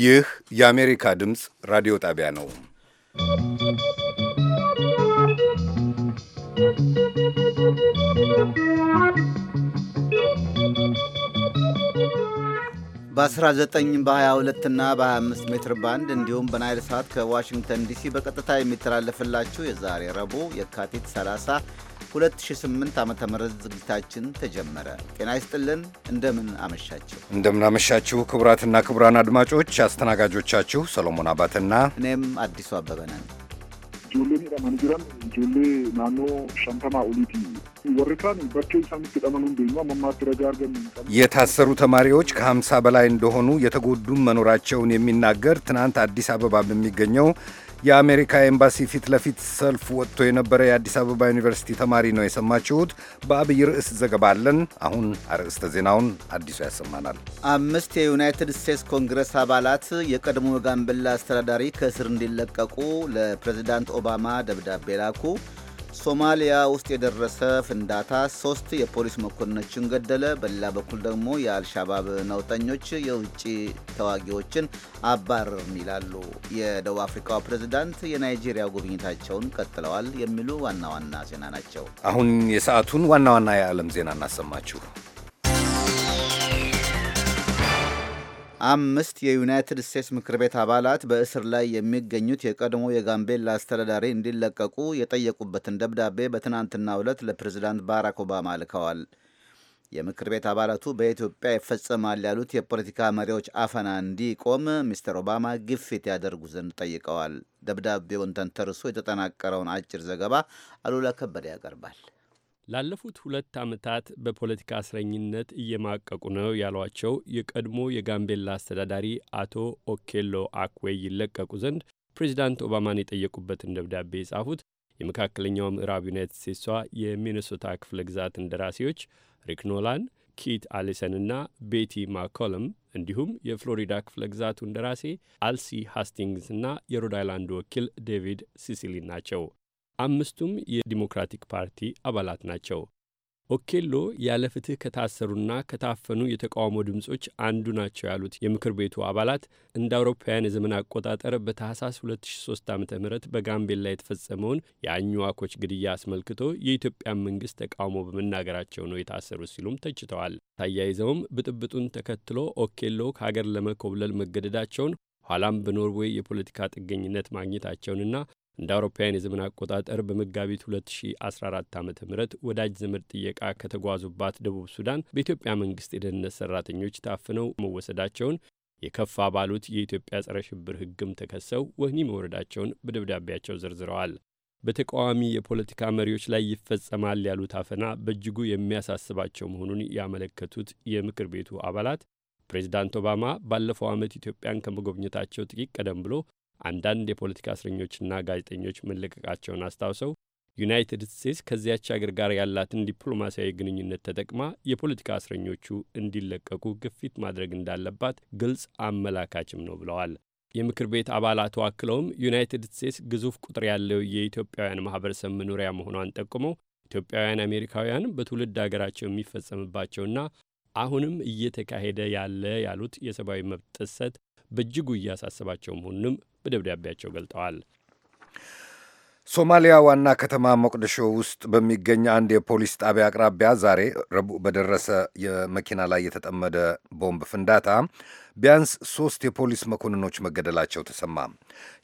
ይህ የአሜሪካ ድምፅ ራዲዮ ጣቢያ ነው። በ19 በ22 እና በ25 ሜትር ባንድ እንዲሁም በናይል ሰዓት ከዋሽንግተን ዲሲ በቀጥታ የሚተላለፍላችሁ የዛሬ ረቡዕ የካቲት 30 2008 ዓ ም ዝግጅታችን ተጀመረ። ጤና ይስጥልን። እንደምን አመሻችሁ። እንደምን አመሻችሁ ክቡራትና ክቡራን አድማጮች አስተናጋጆቻችሁ ሰሎሞን አባትና እኔም አዲሱ አበበ ነን። የታሰሩ ተማሪዎች ከ50 በላይ እንደሆኑ የተጎዱም መኖራቸውን የሚናገር ትናንት አዲስ አበባ በሚገኘው የአሜሪካ ኤምባሲ ፊት ለፊት ሰልፍ ወጥቶ የነበረ የአዲስ አበባ ዩኒቨርሲቲ ተማሪ ነው የሰማችሁት። በአብይ ርዕስ ዘገባ አለን። አሁን አርዕስተ ዜናውን አዲሱ ያሰማናል። አምስት የዩናይትድ ስቴትስ ኮንግረስ አባላት የቀድሞ ጋምቤላ አስተዳዳሪ ከእስር እንዲለቀቁ ለፕሬዚዳንት ኦባማ ደብዳቤ ላኩ። ሶማሊያ ውስጥ የደረሰ ፍንዳታ ሶስት የፖሊስ መኮንኖችን ገደለ። በሌላ በኩል ደግሞ የአልሻባብ ነውጠኞች የውጭ ተዋጊዎችን አባረርን ይላሉ። የደቡብ አፍሪካው ፕሬዝዳንት የናይጄሪያ ጉብኝታቸውን ቀጥለዋል። የሚሉ ዋና ዋና ዜና ናቸው። አሁን የሰዓቱን ዋና ዋና የዓለም ዜና እናሰማችሁ። አምስት የዩናይትድ ስቴትስ ምክር ቤት አባላት በእስር ላይ የሚገኙት የቀድሞ የጋምቤላ አስተዳዳሪ እንዲለቀቁ የጠየቁበትን ደብዳቤ በትናንትናው ዕለት ለፕሬዝዳንት ባራክ ኦባማ ልከዋል። የምክር ቤት አባላቱ በኢትዮጵያ ይፈጸማል ያሉት የፖለቲካ መሪዎች አፈና እንዲቆም ሚስተር ኦባማ ግፊት ያደርጉ ዘንድ ጠይቀዋል። ደብዳቤውን ተንተርሶ የተጠናቀረውን አጭር ዘገባ አሉላ ከበደ ያቀርባል። ላለፉት ሁለት ዓመታት በፖለቲካ እስረኝነት እየማቀቁ ነው ያሏቸው የቀድሞ የጋምቤላ አስተዳዳሪ አቶ ኦኬሎ አክዌይ ይለቀቁ ዘንድ ፕሬዚዳንት ኦባማን የጠየቁበትን ደብዳቤ የጻፉት የመካከለኛው ምዕራብ ዩናይትድ ስቴትሷ የሚነሶታ ክፍለ ግዛት እንደራሴዎች ሪክ ኖላን፣ ኪት አሊሰንና ቤቲ ማኮለም እንዲሁም የፍሎሪዳ ክፍለ ግዛቱ እንደራሴ አልሲ ሃስቲንግስና የሮድ አይላንድ ወኪል ዴቪድ ሲሲሊ ናቸው። አምስቱም የዲሞክራቲክ ፓርቲ አባላት ናቸው። ኦኬሎ ያለ ፍትሕ ከታሰሩና ከታፈኑ የተቃውሞ ድምፆች አንዱ ናቸው ያሉት የምክር ቤቱ አባላት እንደ አውሮፓውያን የዘመን አቆጣጠር በታህሳስ 2003 ዓ ም በጋምቤላ የተፈጸመውን የአኝዋኮች ግድያ አስመልክቶ የኢትዮጵያን መንግሥት ተቃውሞ በመናገራቸው ነው የታሰሩት ሲሉም ተችተዋል። ታያይዘውም ብጥብጡን ተከትሎ ኦኬሎ ከሀገር ለመኮብለል መገደዳቸውን ኋላም በኖርዌይ የፖለቲካ ጥገኝነት ማግኘታቸውንና እንደ አውሮፓውያን የዘመን አቆጣጠር በመጋቢት 2014 ዓ ም ወዳጅ ዘመድ ጥየቃ ከተጓዙባት ደቡብ ሱዳን በኢትዮጵያ መንግስት የደህንነት ሰራተኞች ታፍነው መወሰዳቸውን የከፋ ባሉት የኢትዮጵያ ጸረ ሽብር ሕግም ተከሰው ወህኒ መውረዳቸውን በደብዳቤያቸው ዘርዝረዋል። በተቃዋሚ የፖለቲካ መሪዎች ላይ ይፈጸማል ያሉት አፈና በእጅጉ የሚያሳስባቸው መሆኑን ያመለከቱት የምክር ቤቱ አባላት ፕሬዚዳንት ኦባማ ባለፈው ዓመት ኢትዮጵያን ከመጎብኘታቸው ጥቂት ቀደም ብሎ አንዳንድ የፖለቲካ እስረኞችና ጋዜጠኞች መለቀቃቸውን አስታውሰው ዩናይትድ ስቴትስ ከዚያች አገር ጋር ያላትን ዲፕሎማሲያዊ ግንኙነት ተጠቅማ የፖለቲካ እስረኞቹ እንዲለቀቁ ግፊት ማድረግ እንዳለባት ግልጽ አመላካችም ነው ብለዋል። የምክር ቤት አባላቱ አክለውም ዩናይትድ ስቴትስ ግዙፍ ቁጥር ያለው የኢትዮጵያውያን ማህበረሰብ መኖሪያ መሆኗን ጠቁመው ኢትዮጵያውያን አሜሪካውያን በትውልድ አገራቸው የሚፈጸምባቸውና አሁንም እየተካሄደ ያለ ያሉት የሰብአዊ መብት ጥሰት በእጅጉ እያሳሰባቸው መሆኑንም በደብዳቤያቸው ገልጠዋል። ሶማሊያ ዋና ከተማ ሞቅዲሾ ውስጥ በሚገኝ አንድ የፖሊስ ጣቢያ አቅራቢያ ዛሬ ረቡዕ በደረሰ የመኪና ላይ የተጠመደ ቦምብ ፍንዳታ ቢያንስ ሶስት የፖሊስ መኮንኖች መገደላቸው ተሰማ።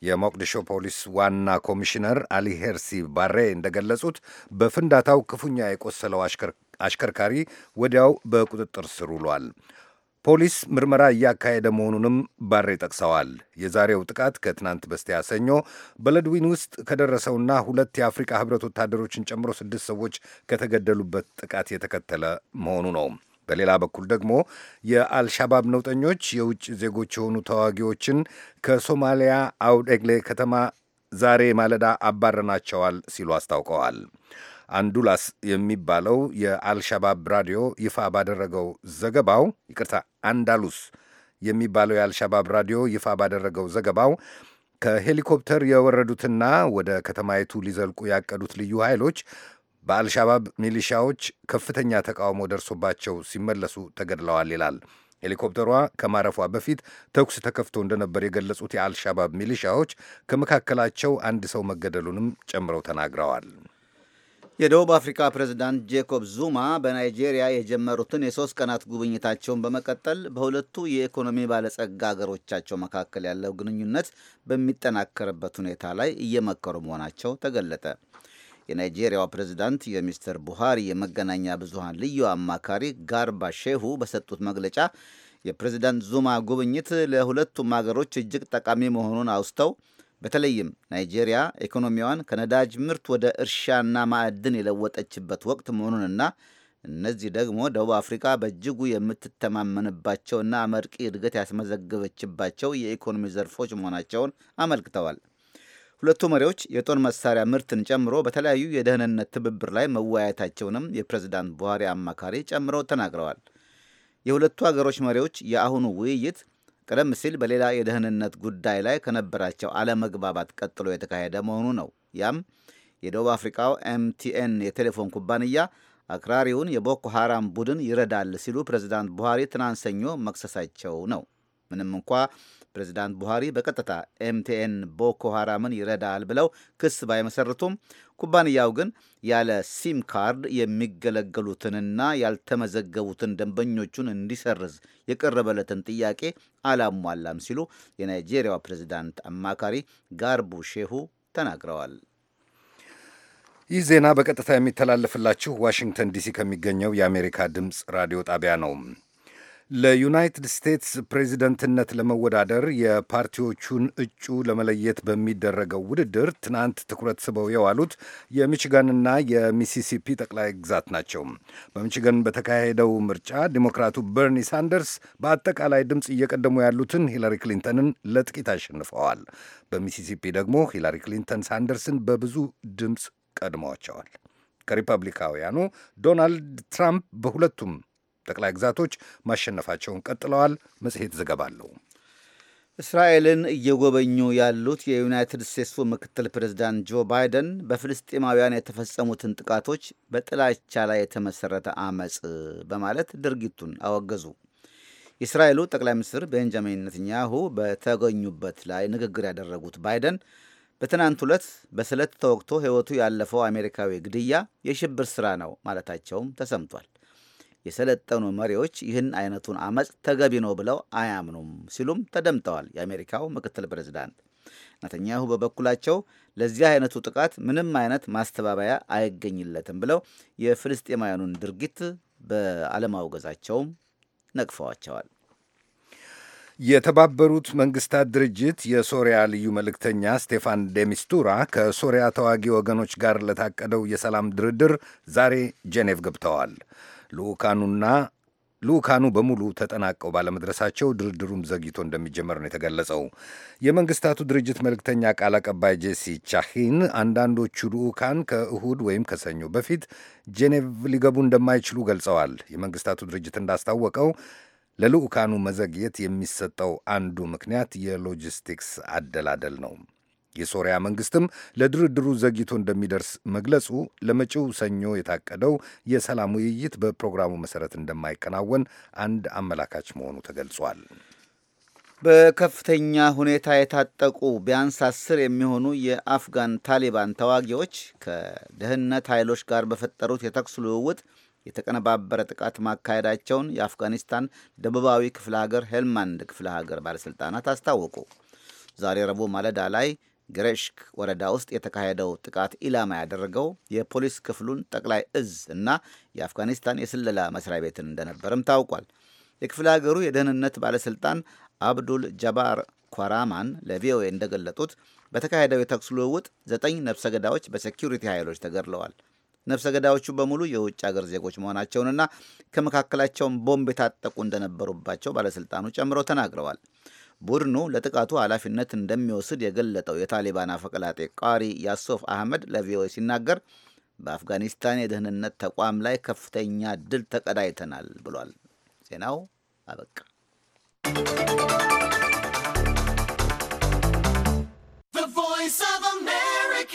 የሞቅዲሾ ፖሊስ ዋና ኮሚሽነር አሊ ሄርሲ ባሬ እንደገለጹት በፍንዳታው ክፉኛ የቆሰለው አሽከርካሪ ወዲያው በቁጥጥር ስር ውሏል። ፖሊስ ምርመራ እያካሄደ መሆኑንም ባሬ ጠቅሰዋል። የዛሬው ጥቃት ከትናንት በስቲያ ሰኞ በለድዊን ውስጥ ከደረሰውና ሁለት የአፍሪካ ህብረት ወታደሮችን ጨምሮ ስድስት ሰዎች ከተገደሉበት ጥቃት የተከተለ መሆኑ ነው። በሌላ በኩል ደግሞ የአልሻባብ ነውጠኞች የውጭ ዜጎች የሆኑ ተዋጊዎችን ከሶማሊያ አውደግሌ ከተማ ዛሬ ማለዳ አባረናቸዋል ሲሉ አስታውቀዋል። አንዱላስ የሚባለው የአልሻባብ ራዲዮ ይፋ ባደረገው ዘገባው ይቅርታ አንዳሉስ የሚባለው የአልሻባብ ራዲዮ ይፋ ባደረገው ዘገባው ከሄሊኮፕተር የወረዱትና ወደ ከተማይቱ ሊዘልቁ ያቀዱት ልዩ ኃይሎች በአልሻባብ ሚሊሻዎች ከፍተኛ ተቃውሞ ደርሶባቸው ሲመለሱ ተገድለዋል ይላል። ሄሊኮፕተሯ ከማረፏ በፊት ተኩስ ተከፍቶ እንደነበር የገለጹት የአልሻባብ ሚሊሻዎች ከመካከላቸው አንድ ሰው መገደሉንም ጨምረው ተናግረዋል። የደቡብ አፍሪካ ፕሬዝዳንት ጄኮብ ዙማ በናይጄሪያ የጀመሩትን የሶስት ቀናት ጉብኝታቸውን በመቀጠል በሁለቱ የኢኮኖሚ ባለጸጋ አገሮቻቸው መካከል ያለው ግንኙነት በሚጠናከርበት ሁኔታ ላይ እየመከሩ መሆናቸው ተገለጠ። የናይጄሪያው ፕሬዝዳንት የሚስተር ቡሃሪ የመገናኛ ብዙሃን ልዩ አማካሪ ጋርባ ሼሁ በሰጡት መግለጫ የፕሬዝዳንት ዙማ ጉብኝት ለሁለቱም አገሮች እጅግ ጠቃሚ መሆኑን አውስተው በተለይም ናይጄሪያ ኢኮኖሚዋን ከነዳጅ ምርት ወደ እርሻና ማዕድን የለወጠችበት ወቅት መሆኑንና እነዚህ ደግሞ ደቡብ አፍሪካ በእጅጉ የምትተማመንባቸውና አመርቂ እድገት ያስመዘገበችባቸው የኢኮኖሚ ዘርፎች መሆናቸውን አመልክተዋል። ሁለቱ መሪዎች የጦር መሳሪያ ምርትን ጨምሮ በተለያዩ የደህንነት ትብብር ላይ መወያየታቸውንም የፕሬዝዳንት ቡሃሪ አማካሪ ጨምረው ተናግረዋል። የሁለቱ አገሮች መሪዎች የአሁኑ ውይይት ቀደም ሲል በሌላ የደህንነት ጉዳይ ላይ ከነበራቸው አለመግባባት ቀጥሎ የተካሄደ መሆኑ ነው። ያም የደቡብ አፍሪካው ኤምቲኤን የቴሌፎን ኩባንያ አክራሪውን የቦኮ ሃራም ቡድን ይረዳል ሲሉ ፕሬዚዳንት ቡሃሪ ትናንት ሰኞ መክሰሳቸው ነው። ምንም እንኳ ፕሬዚዳንት ቡሃሪ በቀጥታ ኤምቲኤን ቦኮ ሃራምን ይረዳል ብለው ክስ ባይመሰርቱም ኩባንያው ግን ያለ ሲም ካርድ የሚገለገሉትንና ያልተመዘገቡትን ደንበኞቹን እንዲሰርዝ የቀረበለትን ጥያቄ አላሟላም ሲሉ የናይጄሪያዋ ፕሬዚዳንት አማካሪ ጋርቡ ሼሁ ተናግረዋል። ይህ ዜና በቀጥታ የሚተላለፍላችሁ ዋሽንግተን ዲሲ ከሚገኘው የአሜሪካ ድምፅ ራዲዮ ጣቢያ ነው። ለዩናይትድ ስቴትስ ፕሬዚደንትነት ለመወዳደር የፓርቲዎቹን እጩ ለመለየት በሚደረገው ውድድር ትናንት ትኩረት ስበው የዋሉት የሚችጋንና የሚሲሲፒ ጠቅላይ ግዛት ናቸው። በሚችጋን በተካሄደው ምርጫ ዲሞክራቱ በርኒ ሳንደርስ በአጠቃላይ ድምፅ እየቀደሙ ያሉትን ሂላሪ ክሊንተንን ለጥቂት አሸንፈዋል። በሚሲሲፒ ደግሞ ሂላሪ ክሊንተን ሳንደርስን በብዙ ድምፅ ቀድመዋቸዋል። ከሪፐብሊካውያኑ ዶናልድ ትራምፕ በሁለቱም ጠቅላይ ግዛቶች ማሸነፋቸውን ቀጥለዋል። መጽሔት ዘገባ አለው። እስራኤልን እየጎበኙ ያሉት የዩናይትድ ስቴትሱ ምክትል ፕሬዝዳንት ጆ ባይደን በፍልስጤማውያን የተፈጸሙትን ጥቃቶች በጥላቻ ላይ የተመሠረተ አመፅ በማለት ድርጊቱን አወገዙ። የእስራኤሉ ጠቅላይ ሚኒስትር ቤንጃሚን ነትንያሁ በተገኙበት ላይ ንግግር ያደረጉት ባይደን በትናንት ዕለት በስለት ተወቅቶ ሕይወቱ ያለፈው አሜሪካዊ ግድያ የሽብር ሥራ ነው ማለታቸውም ተሰምቷል። የሰለጠኑ መሪዎች ይህን አይነቱን አመፅ ተገቢ ነው ብለው አያምኑም ሲሉም ተደምጠዋል። የአሜሪካው ምክትል ፕሬዚዳንት ነተኛሁ በበኩላቸው ለዚህ አይነቱ ጥቃት ምንም አይነት ማስተባበያ አይገኝለትም ብለው የፍልስጤማውያኑን ድርጊት በአለማውገዛቸውም ነቅፈዋቸዋል። የተባበሩት መንግስታት ድርጅት የሶሪያ ልዩ መልእክተኛ ስቴፋን ደሚስቱራ ከሶሪያ ተዋጊ ወገኖች ጋር ለታቀደው የሰላም ድርድር ዛሬ ጄኔቭ ገብተዋል። ልኡካኑና ልኡካኑ በሙሉ ተጠናቀው ባለመድረሳቸው ድርድሩም ዘግይቶ እንደሚጀመር ነው የተገለጸው። የመንግስታቱ ድርጅት መልእክተኛ ቃል አቀባይ ጄሲ ቻሂን አንዳንዶቹ ልኡካን ከእሁድ ወይም ከሰኞ በፊት ጄኔቭ ሊገቡ እንደማይችሉ ገልጸዋል። የመንግስታቱ ድርጅት እንዳስታወቀው ለልኡካኑ መዘግየት የሚሰጠው አንዱ ምክንያት የሎጂስቲክስ አደላደል ነው። የሶሪያ መንግስትም ለድርድሩ ዘግይቶ እንደሚደርስ መግለጹ ለመጪው ሰኞ የታቀደው የሰላም ውይይት በፕሮግራሙ መሰረት እንደማይከናወን አንድ አመላካች መሆኑ ተገልጿል። በከፍተኛ ሁኔታ የታጠቁ ቢያንስ አስር የሚሆኑ የአፍጋን ታሊባን ተዋጊዎች ከደህንነት ኃይሎች ጋር በፈጠሩት የተኩስ ልውውጥ የተቀነባበረ ጥቃት ማካሄዳቸውን የአፍጋኒስታን ደቡባዊ ክፍለ ሀገር ሄልማንድ ክፍለ ሀገር ባለሥልጣናት አስታወቁ። ዛሬ ረቡዕ ማለዳ ላይ ገረሽክ ወረዳ ውስጥ የተካሄደው ጥቃት ኢላማ ያደረገው የፖሊስ ክፍሉን ጠቅላይ እዝ እና የአፍጋኒስታን የስለላ መስሪያ ቤትን እንደነበርም ታውቋል። የክፍለ ሀገሩ የደህንነት ባለስልጣን አብዱል ጃባር ኳራማን ለቪኦኤ እንደገለጡት በተካሄደው የተኩስ ልውውጥ ዘጠኝ ነፍሰ ገዳዮች በሴኪሪቲ ኃይሎች ተገድለዋል። ነፍሰ ገዳዮቹ በሙሉ የውጭ አገር ዜጎች መሆናቸውንና ከመካከላቸውን ቦምብ የታጠቁ እንደነበሩባቸው ባለስልጣኑ ጨምረው ተናግረዋል። ቡድኑ ለጥቃቱ ኃላፊነት እንደሚወስድ የገለጠው የታሊባን አፈቀላጤ ቃሪ ያሶፍ አህመድ ለቪኦኤ ሲናገር በአፍጋኒስታን የደህንነት ተቋም ላይ ከፍተኛ ድል ተቀዳይተናል ብሏል። ዜናው አበቃ። ቮይስ ኦፍ አሜሪካ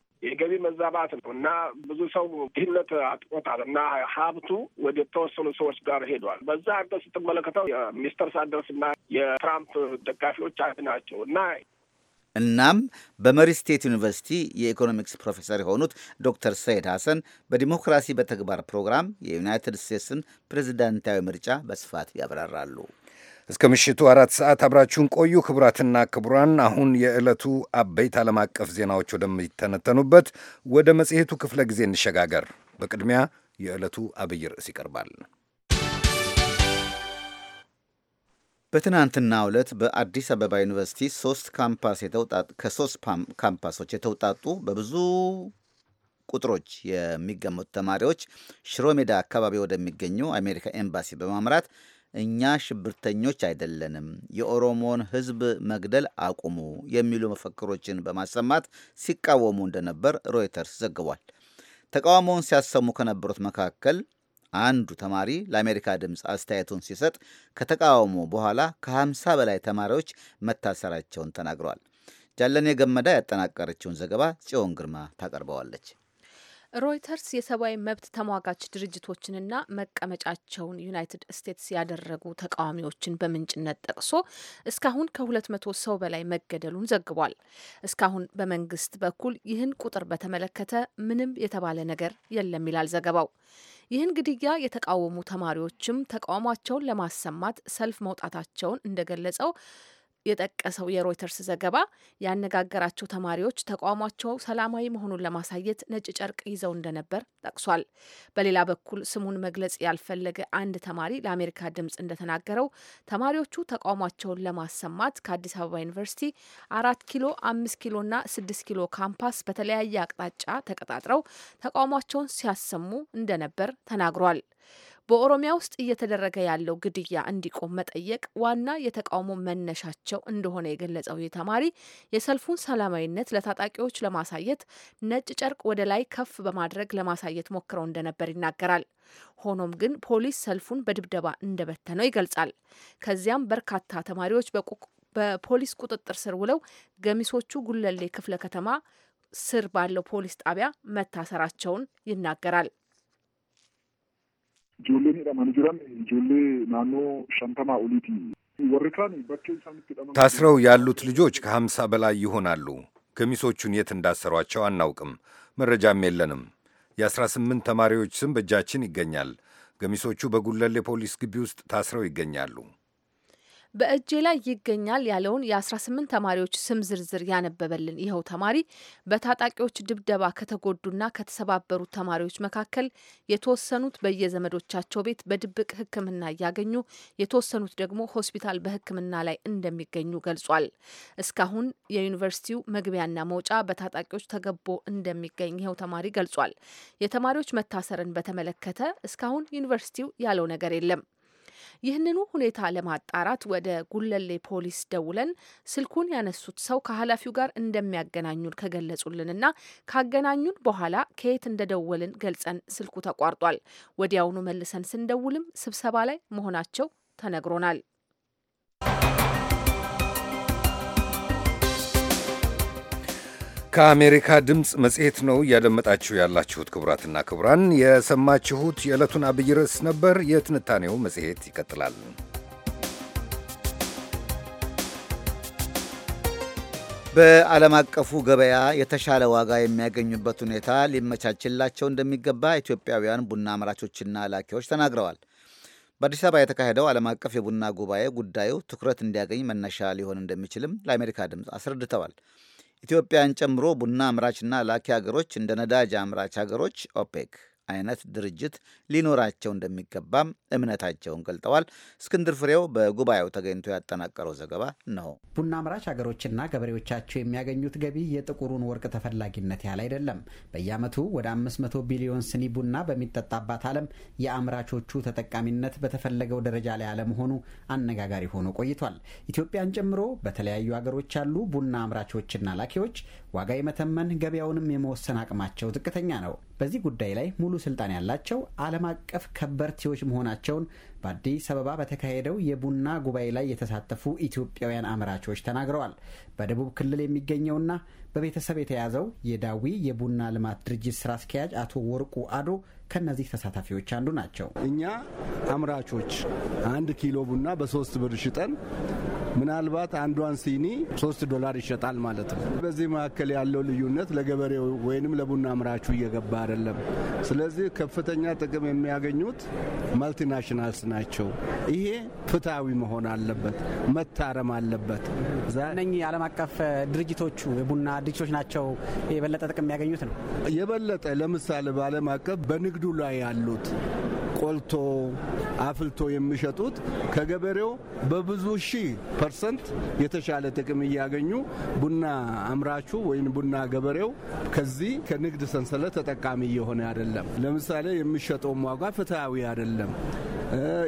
የገቢ መዛባት ነው እና ብዙ ሰው ድህነት አጥቆታል እና ሀብቱ ወደ ተወሰኑ ሰዎች ጋር ሄዷል። በዛ አገ ስትመለከተው የሚስተር ሳንደርስ እና የትራምፕ ደጋፊዎች አንድ ናቸው እና እናም በመሪ ስቴት ዩኒቨርሲቲ የኢኮኖሚክስ ፕሮፌሰር የሆኑት ዶክተር ሰይድ ሐሰን በዲሞክራሲ በተግባር ፕሮግራም የዩናይትድ ስቴትስን ፕሬዚዳንታዊ ምርጫ በስፋት ያብራራሉ። እስከ ምሽቱ አራት ሰዓት አብራችሁን ቆዩ። ክቡራትና ክቡራን፣ አሁን የዕለቱ አበይት ዓለም አቀፍ ዜናዎች ወደሚተነተኑበት ወደ መጽሔቱ ክፍለ ጊዜ እንሸጋገር። በቅድሚያ የዕለቱ አብይ ርዕስ ይቀርባል። በትናንትና ዕለት በአዲስ አበባ ዩኒቨርሲቲ ሶስት ካምፓስ ከሶስት ካምፓሶች የተውጣጡ በብዙ ቁጥሮች የሚገመቱ ተማሪዎች ሽሮ ሜዳ አካባቢ ወደሚገኘው አሜሪካ ኤምባሲ በማምራት እኛ ሽብርተኞች አይደለንም፣ የኦሮሞን ሕዝብ መግደል አቁሙ የሚሉ መፈክሮችን በማሰማት ሲቃወሙ እንደነበር ሮይተርስ ዘግቧል። ተቃውሞውን ሲያሰሙ ከነበሩት መካከል አንዱ ተማሪ ለአሜሪካ ድምፅ አስተያየቱን ሲሰጥ ከተቃውሞ በኋላ ከ50 በላይ ተማሪዎች መታሰራቸውን ተናግረዋል። ጃለኔ ገመዳ ያጠናቀረችውን ዘገባ ጽዮን ግርማ ታቀርበዋለች። ሮይተርስ የሰብአዊ መብት ተሟጋች ድርጅቶችንና መቀመጫቸውን ዩናይትድ ስቴትስ ያደረጉ ተቃዋሚዎችን በምንጭነት ጠቅሶ እስካሁን ከሁለት መቶ ሰው በላይ መገደሉን ዘግቧል። እስካሁን በመንግስት በኩል ይህን ቁጥር በተመለከተ ምንም የተባለ ነገር የለም ይላል ዘገባው። ይህን ግድያ የተቃወሙ ተማሪዎችም ተቃውሟቸውን ለማሰማት ሰልፍ መውጣታቸውን እንደገለጸው የጠቀሰው የሮይተርስ ዘገባ ያነጋገራቸው ተማሪዎች ተቋማቸው ሰላማዊ መሆኑን ለማሳየት ነጭ ጨርቅ ይዘው እንደነበር ጠቅሷል። በሌላ በኩል ስሙን መግለጽ ያልፈለገ አንድ ተማሪ ለአሜሪካ ድምጽ እንደተናገረው ተማሪዎቹ ተቋማቸውን ለማሰማት ከአዲስ አበባ ዩኒቨርሲቲ አራት ኪሎ፣ አምስት ኪሎና ስድስት ኪሎ ካምፓስ በተለያየ አቅጣጫ ተቀጣጥረው ተቋማቸውን ሲያሰሙ እንደነበር ተናግሯል። በኦሮሚያ ውስጥ እየተደረገ ያለው ግድያ እንዲቆም መጠየቅ ዋና የተቃውሞ መነሻቸው እንደሆነ የገለጸው ይህ ተማሪ የሰልፉን ሰላማዊነት ለታጣቂዎች ለማሳየት ነጭ ጨርቅ ወደ ላይ ከፍ በማድረግ ለማሳየት ሞክረው እንደነበር ይናገራል። ሆኖም ግን ፖሊስ ሰልፉን በድብደባ እንደበተነው ይገልጻል። ከዚያም በርካታ ተማሪዎች በፖሊስ ቁጥጥር ስር ውለው ገሚሶቹ ጉለሌ ክፍለ ከተማ ስር ባለው ፖሊስ ጣቢያ መታሰራቸውን ይናገራል። ijoolleen hidhamanii jiran ijoollee naannoo shantamaa oliiti። warri kaan bakkee isaanitti hidhaman ታስረው ያሉት ልጆች ከሀምሳ በላይ ይሆናሉ። ገሚሶቹን የት እንዳሰሯቸው አናውቅም፣ መረጃም የለንም። የአስራ ስምንት ተማሪዎች ስም በእጃችን ይገኛል። ገሚሶቹ በጉለሌ ፖሊስ ግቢ ውስጥ ታስረው ይገኛሉ። በእጄ ላይ ይገኛል ያለውን የ18 ተማሪዎች ስም ዝርዝር ያነበበልን ይኸው ተማሪ በታጣቂዎች ድብደባ ከተጎዱና ከተሰባበሩ ተማሪዎች መካከል የተወሰኑት በየዘመዶቻቸው ቤት በድብቅ ሕክምና እያገኙ የተወሰኑት ደግሞ ሆስፒታል በሕክምና ላይ እንደሚገኙ ገልጿል። እስካሁን የዩኒቨርሲቲው መግቢያና መውጫ በታጣቂዎች ተገቦ እንደሚገኝ ይኸው ተማሪ ገልጿል። የተማሪዎች መታሰርን በተመለከተ እስካሁን ዩኒቨርሲቲው ያለው ነገር የለም። ይህንኑ ሁኔታ ለማጣራት ወደ ጉለሌ ፖሊስ ደውለን ስልኩን ያነሱት ሰው ከኃላፊው ጋር እንደሚያገናኙን ከገለጹልንና ካገናኙን በኋላ ከየት እንደደወልን ገልጸን ስልኩ ተቋርጧል። ወዲያውኑ መልሰን ስንደውልም ስብሰባ ላይ መሆናቸው ተነግሮናል። ከአሜሪካ ድምፅ መጽሔት ነው እያደመጣችሁ ያላችሁት። ክቡራትና ክቡራን የሰማችሁት የዕለቱን አብይ ርዕስ ነበር። የትንታኔው መጽሔት ይቀጥላል። በዓለም አቀፉ ገበያ የተሻለ ዋጋ የሚያገኙበት ሁኔታ ሊመቻችላቸው እንደሚገባ ኢትዮጵያውያን ቡና አምራቾችና ላኪዎች ተናግረዋል። በአዲስ አበባ የተካሄደው ዓለም አቀፍ የቡና ጉባኤ ጉዳዩ ትኩረት እንዲያገኝ መነሻ ሊሆን እንደሚችልም ለአሜሪካ ድምፅ አስረድተዋል። ኢትዮጵያን ጨምሮ ቡና አምራችና ላኪ ሀገሮች እንደ ነዳጅ አምራች ሀገሮች ኦፔክ አይነት ድርጅት ሊኖራቸው እንደሚገባም እምነታቸውን ገልጠዋል። እስክንድር ፍሬው በጉባኤው ተገኝቶ ያጠናቀረው ዘገባ ነው። ቡና አምራች ሀገሮችና ገበሬዎቻቸው የሚያገኙት ገቢ የጥቁሩን ወርቅ ተፈላጊነት ያህል አይደለም። በየዓመቱ ወደ 500 ቢሊዮን ስኒ ቡና በሚጠጣባት ዓለም የአምራቾቹ ተጠቃሚነት በተፈለገው ደረጃ ላይ አለመሆኑ አነጋጋሪ ሆኖ ቆይቷል። ኢትዮጵያን ጨምሮ በተለያዩ ሀገሮች ያሉ ቡና አምራቾችና ላኪዎች ዋጋ የመተመን ገበያውንም የመወሰን አቅማቸው ዝቅተኛ ነው። በዚህ ጉዳይ ላይ ሙሉ ስልጣን ያላቸው ዓለም አቀፍ ከበርቴዎች መሆናቸውን በአዲስ አበባ በተካሄደው የቡና ጉባኤ ላይ የተሳተፉ ኢትዮጵያውያን አምራቾች ተናግረዋል። በደቡብ ክልል የሚገኘውና በቤተሰብ የተያዘው የዳዊ የቡና ልማት ድርጅት ስራ አስኪያጅ አቶ ወርቁ አዶ ከእነዚህ ተሳታፊዎች አንዱ ናቸው። እኛ አምራቾች አንድ ኪሎ ቡና በሶስት ብር ሽጠን ምናልባት አንዷን ሲኒ ሶስት ዶላር ይሸጣል ማለት ነው። በዚህ መካከል ያለው ልዩነት ለገበሬው ወይንም ለቡና አምራቹ እየገባ አይደለም። ስለዚህ ከፍተኛ ጥቅም የሚያገኙት ማልቲናሽናልስ ናቸው። ይሄ ፍትሐዊ መሆን አለበት፣ መታረም አለበት። እነኚህ የዓለም አቀፍ ድርጅቶቹ የቡና ድርጅቶች ናቸው የበለጠ ጥቅም የሚያገኙት ነው። የበለጠ ለምሳሌ በዓለም አቀፍ በንግድ ንግዱ ላይ ያሉት ቆልቶ አፍልቶ የሚሸጡት ከገበሬው በብዙ ሺህ ፐርሰንት የተሻለ ጥቅም እያገኙ ቡና አምራቹ ወይም ቡና ገበሬው ከዚህ ከንግድ ሰንሰለት ተጠቃሚ እየሆነ አይደለም። ለምሳሌ የሚሸጠውም ዋጋ ፍትሐዊ አይደለም።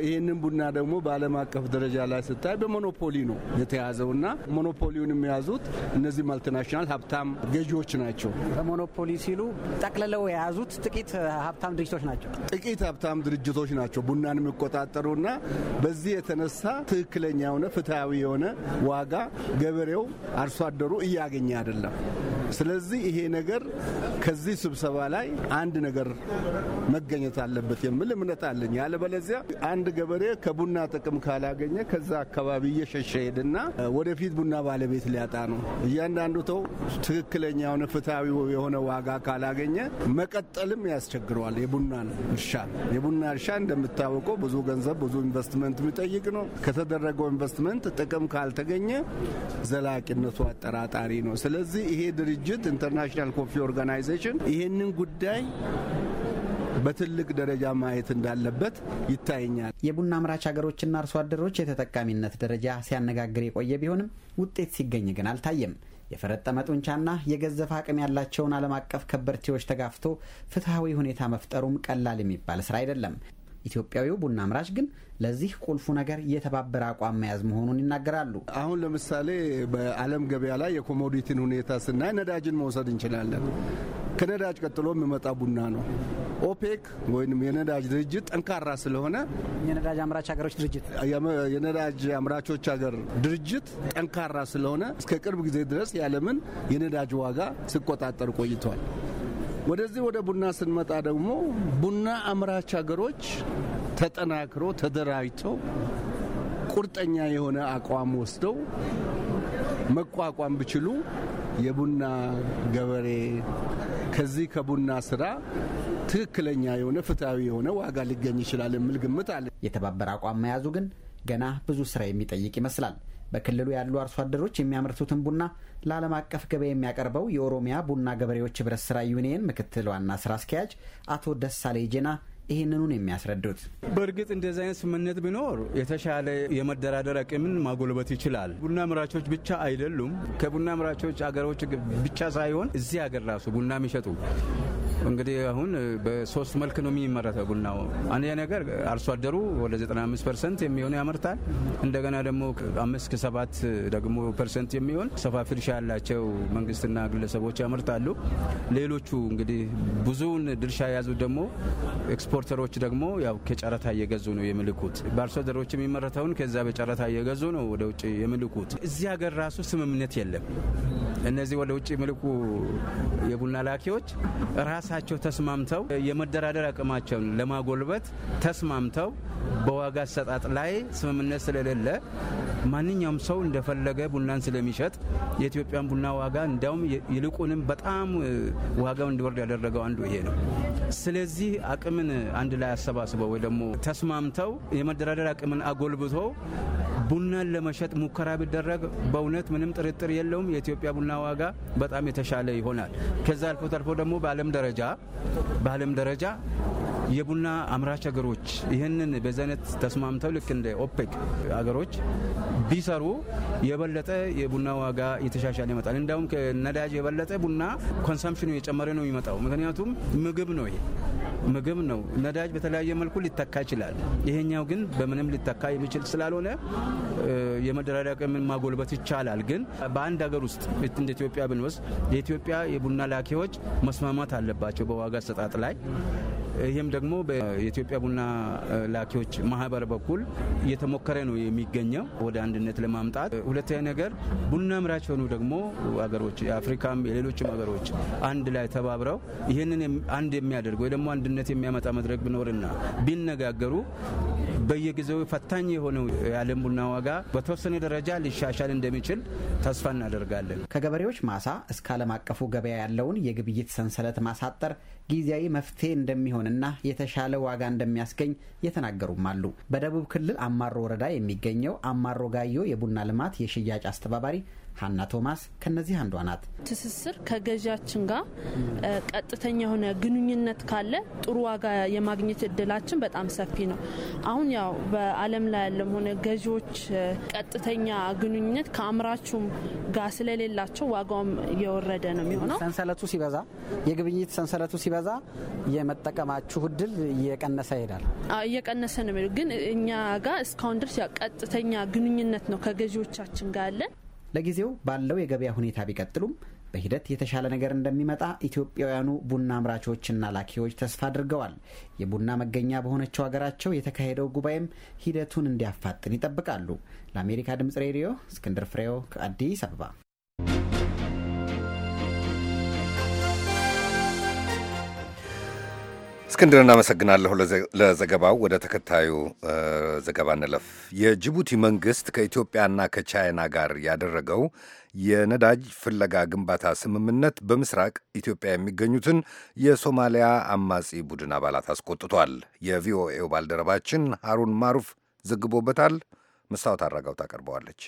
ይህንን ቡና ደግሞ በዓለም አቀፍ ደረጃ ላይ ስታይ በሞኖፖሊ ነው የተያዘውና ሞኖፖሊውን የሚያዙት እነዚህ ማልቲናሽናል ሀብታም ገዢዎች ናቸው። ሞኖፖሊ ሲሉ ጠቅልለው የያዙት ጥቂት ሀብታም ድርጅቶች ናቸው። ጥቂት ሀብታም ድርጅቶች ናቸው ቡናን የሚቆጣጠሩና በዚህ የተነሳ ትክክለኛ የሆነ ፍትሐዊ የሆነ ዋጋ ገበሬው፣ አርሶ አደሩ እያገኘ አይደለም። ስለዚህ ይሄ ነገር ከዚህ ስብሰባ ላይ አንድ ነገር መገኘት አለበት የሚል እምነት አለኝ። ያለበለዚያ አንድ ገበሬ ከቡና ጥቅም ካላገኘ ከዛ አካባቢ እየሸሸ ሄድና ወደፊት ቡና ባለቤት ሊያጣ ነው። እያንዳንዱ ሰው ትክክለኛ የሆነ ፍትሐዊ የሆነ ዋጋ ካላገኘ መቀጠልም ያስቸግረዋል። የቡና እርሻ ነው። የቡና እርሻ እንደምታወቀው ብዙ ገንዘብ ብዙ ኢንቨስትመንት የሚጠይቅ ነው። ከተደረገው ኢንቨስትመንት ጥቅም ካልተገኘ ዘላቂነቱ አጠራጣሪ ነው። ስለዚህ ይሄ ድርጅት ኢንተርናሽናል ኮፊ ኦርጋናይዜሽን ይሄንን ጉዳይ በትልቅ ደረጃ ማየት እንዳለበት ይታየኛል። የቡና አምራች ሀገሮችና አርሶ አደሮች የተጠቃሚነት ደረጃ ሲያነጋግር የቆየ ቢሆንም ውጤት ሲገኝ ግን አልታየም። የፈረጠመ ጡንቻና የገዘፈ አቅም ያላቸውን ዓለም አቀፍ ከበርቴዎች ተጋፍቶ ፍትሐዊ ሁኔታ መፍጠሩም ቀላል የሚባል ስራ አይደለም። ኢትዮጵያዊው ቡና አምራች ግን ለዚህ ቁልፉ ነገር የተባበረ አቋም መያዝ መሆኑን ይናገራሉ። አሁን ለምሳሌ በዓለም ገበያ ላይ የኮሞዲቲን ሁኔታ ስናይ ነዳጅን መውሰድ እንችላለን። ከነዳጅ ቀጥሎ የሚመጣ ቡና ነው። ኦፔክ ወይም የነዳጅ ድርጅት ጠንካራ ስለሆነ የነዳጅ አምራች ሀገሮች ድርጅት የነዳጅ አምራቾች ሀገር ድርጅት ጠንካራ ስለሆነ እስከ ቅርብ ጊዜ ድረስ የዓለምን የነዳጅ ዋጋ ሲቆጣጠር ቆይቷል። ወደዚህ ወደ ቡና ስንመጣ ደግሞ ቡና አምራች ሀገሮች ተጠናክሮ ተደራጅተው ቁርጠኛ የሆነ አቋም ወስደው መቋቋም ቢችሉ የቡና ገበሬ ከዚህ ከቡና ስራ ትክክለኛ የሆነ ፍትሐዊ የሆነ ዋጋ ሊገኝ ይችላል የሚል ግምት አለ። የተባበረ አቋም መያዙ ግን ገና ብዙ ስራ የሚጠይቅ ይመስላል። በክልሉ ያሉ አርሶ አደሮች የሚያመርቱትን ቡና ለዓለም አቀፍ ገበያ የሚያቀርበው የኦሮሚያ ቡና ገበሬዎች ህብረት ስራ ዩኒየን ምክትል ዋና ስራ አስኪያጅ አቶ ደሳሌ ጄና ይህንኑን የሚያስረዱት በእርግጥ እንደዚህ አይነት ስምምነት ቢኖር የተሻለ የመደራደር አቅምን ማጎልበት ይችላል። ቡና ምራቾች ብቻ አይደሉም። ከቡና ምራቾች አገሮች ብቻ ሳይሆን እዚህ ሀገር ራሱ ቡና የሚሸጡ እንግዲህ አሁን በሶስት መልክ ነው የሚመረተው ቡናው። አንደኛ ነገር አርሶ አደሩ ወደ 95 ፐርሰንት የሚሆን ያመርታል። እንደገና ደግሞ አምስት ከሰባት ደግሞ ፐርሰንት የሚሆን ሰፋፊ እርሻ ያላቸው መንግስትና ግለሰቦች ያመርታሉ። ሌሎቹ እንግዲህ ብዙውን ድርሻ የያዙት ደግሞ ኤክስፖርተሮች ደግሞ ያው ከጨረታ እየገዙ ነው የሚልኩት። በአርሶ አደሮች የሚመረተውን ከዛ በጨረታ እየገዙ ነው ወደ ውጭ የሚልኩት። እዚህ ሀገር ራሱ ስምምነት የለም እነዚህ ወደ ውጭ የሚልኩ የቡና ላኪዎች ራሳቸው ተስማምተው የመደራደር አቅማቸውን ለማጎልበት ተስማምተው በዋጋ አሰጣጥ ላይ ስምምነት ስለሌለ ማንኛውም ሰው እንደፈለገ ቡናን ስለሚሸጥ የኢትዮጵያን ቡና ዋጋ እንዲያውም ይልቁንም በጣም ዋጋው እንዲወርድ ያደረገው አንዱ ይሄ ነው። ስለዚህ አቅምን አንድ ላይ አሰባስበው ወይ ደግሞ ተስማምተው የመደራደር አቅምን አጎልብቶ ቡናን ለመሸጥ ሙከራ ቢደረግ በእውነት ምንም ጥርጥር የለውም የኢትዮጵያ ቡና ዋጋ በጣም የተሻለ ይሆናል። ከዛ አልፎ ተርፎ ደግሞ በዓለም ደረጃ በዓለም ደረጃ የቡና አምራች ሀገሮች ይህንን በዘነት ተስማምተው ልክ እንደ ኦፔክ ሀገሮች ቢሰሩ የበለጠ የቡና ዋጋ የተሻሻለ ይመጣል። እንዲያውም ከነዳጅ የበለጠ ቡና ኮንሰምፕሽኑ የጨመረ ነው የሚመጣው። ምክንያቱም ምግብ ነው ይሄ ምግብ ነው። ነዳጅ በተለያየ መልኩ ሊተካ ይችላል። ይሄኛው ግን በምንም ሊተካ የሚችል ስላልሆነ የመደራደሪያ አቅምን ማጎልበት ይቻላል። ግን በአንድ ሀገር ውስጥ እንደ ኢትዮጵያ ብንወስድ የኢትዮጵያ የቡና ላኪዎች መስማማት አለባቸው በዋጋ አሰጣጥ ላይ ይህም ደግሞ የኢትዮጵያ ቡና ላኪዎች ማህበር በኩል እየተሞከረ ነው የሚገኘው ወደ አንድነት ለማምጣት። ሁለተኛ ነገር ቡና አምራች የሆኑ ደግሞ ሀገሮች የአፍሪካም የሌሎችም ሀገሮች አንድ ላይ ተባብረው ይህንን አንድ የሚያደርግ ወይ ደግሞ አንድነት የሚያመጣ መድረክ ቢኖርና ቢነጋገሩ በየጊዜው ፈታኝ የሆነው የዓለም ቡና ዋጋ በተወሰነ ደረጃ ሊሻሻል እንደሚችል ተስፋ እናደርጋለን። ከገበሬዎች ማሳ እስከ ዓለም አቀፉ ገበያ ያለውን የግብይት ሰንሰለት ማሳጠር ጊዜያዊ መፍትሄ እንደሚሆንና የተሻለ ዋጋ እንደሚያስገኝ የተናገሩም አሉ። በደቡብ ክልል አማሮ ወረዳ የሚገኘው አማሮ ጋዮ የቡና ልማት የሽያጭ አስተባባሪ ሀና ቶማስ ከነዚህ አንዷ ናት። ትስስር ከገዢያችን ጋር ቀጥተኛ የሆነ ግንኙነት ካለ ጥሩ ዋጋ የማግኘት እድላችን በጣም ሰፊ ነው። አሁን ያው በዓለም ላይ ያለም ሆነ ገዢዎች ቀጥተኛ ግንኙነት ከአምራቹም ጋር ስለሌላቸው ዋጋውም የወረደ ነው የሚሆነው። ሰንሰለቱ ሲበዛ፣ የግብይት ሰንሰለቱ ሲበዛ የመጠቀማችሁ እድል እየቀነሰ ይሄዳል። እየቀነሰ ነው ግን እኛ ጋር እስካሁን ድረስ ቀጥተኛ ግንኙነት ነው ከገዢዎቻችን ጋር ያለን ለጊዜው ባለው የገበያ ሁኔታ ቢቀጥሉም በሂደት የተሻለ ነገር እንደሚመጣ ኢትዮጵያውያኑ ቡና አምራቾችና ላኪዎች ተስፋ አድርገዋል። የቡና መገኛ በሆነችው ሀገራቸው የተካሄደው ጉባኤም ሂደቱን እንዲያፋጥን ይጠብቃሉ። ለአሜሪካ ድምጽ ሬዲዮ እስክንድር ፍሬው ከአዲስ አበባ እስክንድር እናመሰግናለሁ ለዘገባው። ወደ ተከታዩ ዘገባ እንለፍ። የጅቡቲ መንግስት ከኢትዮጵያና ከቻይና ጋር ያደረገው የነዳጅ ፍለጋ ግንባታ ስምምነት በምስራቅ ኢትዮጵያ የሚገኙትን የሶማሊያ አማጺ ቡድን አባላት አስቆጥቷል። የቪኦኤው ባልደረባችን ሃሩን ማሩፍ ዘግቦበታል። መስታወት አድራጋው ታቀርበዋለች።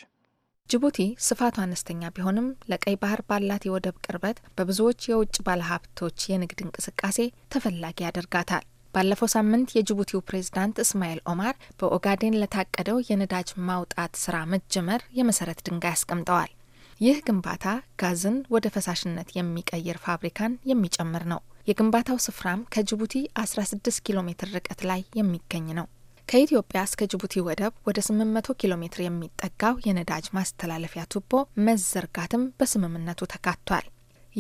ጅቡቲ ስፋቱ አነስተኛ ቢሆንም ለቀይ ባህር ባላት የወደብ ቅርበት በብዙዎች የውጭ ባለሀብቶች የንግድ እንቅስቃሴ ተፈላጊ ያደርጋታል። ባለፈው ሳምንት የጅቡቲው ፕሬዝዳንት እስማኤል ኦማር በኦጋዴን ለታቀደው የነዳጅ ማውጣት ስራ መጀመር የመሰረት ድንጋይ አስቀምጠዋል። ይህ ግንባታ ጋዝን ወደ ፈሳሽነት የሚቀይር ፋብሪካን የሚጨምር ነው። የግንባታው ስፍራም ከጅቡቲ 16 ኪሎ ሜትር ርቀት ላይ የሚገኝ ነው። ከኢትዮጵያ እስከ ጅቡቲ ወደብ ወደ 800 ኪሎ ሜትር የሚጠጋው የነዳጅ ማስተላለፊያ ቱቦ መዘርጋትም በስምምነቱ ተካቷል።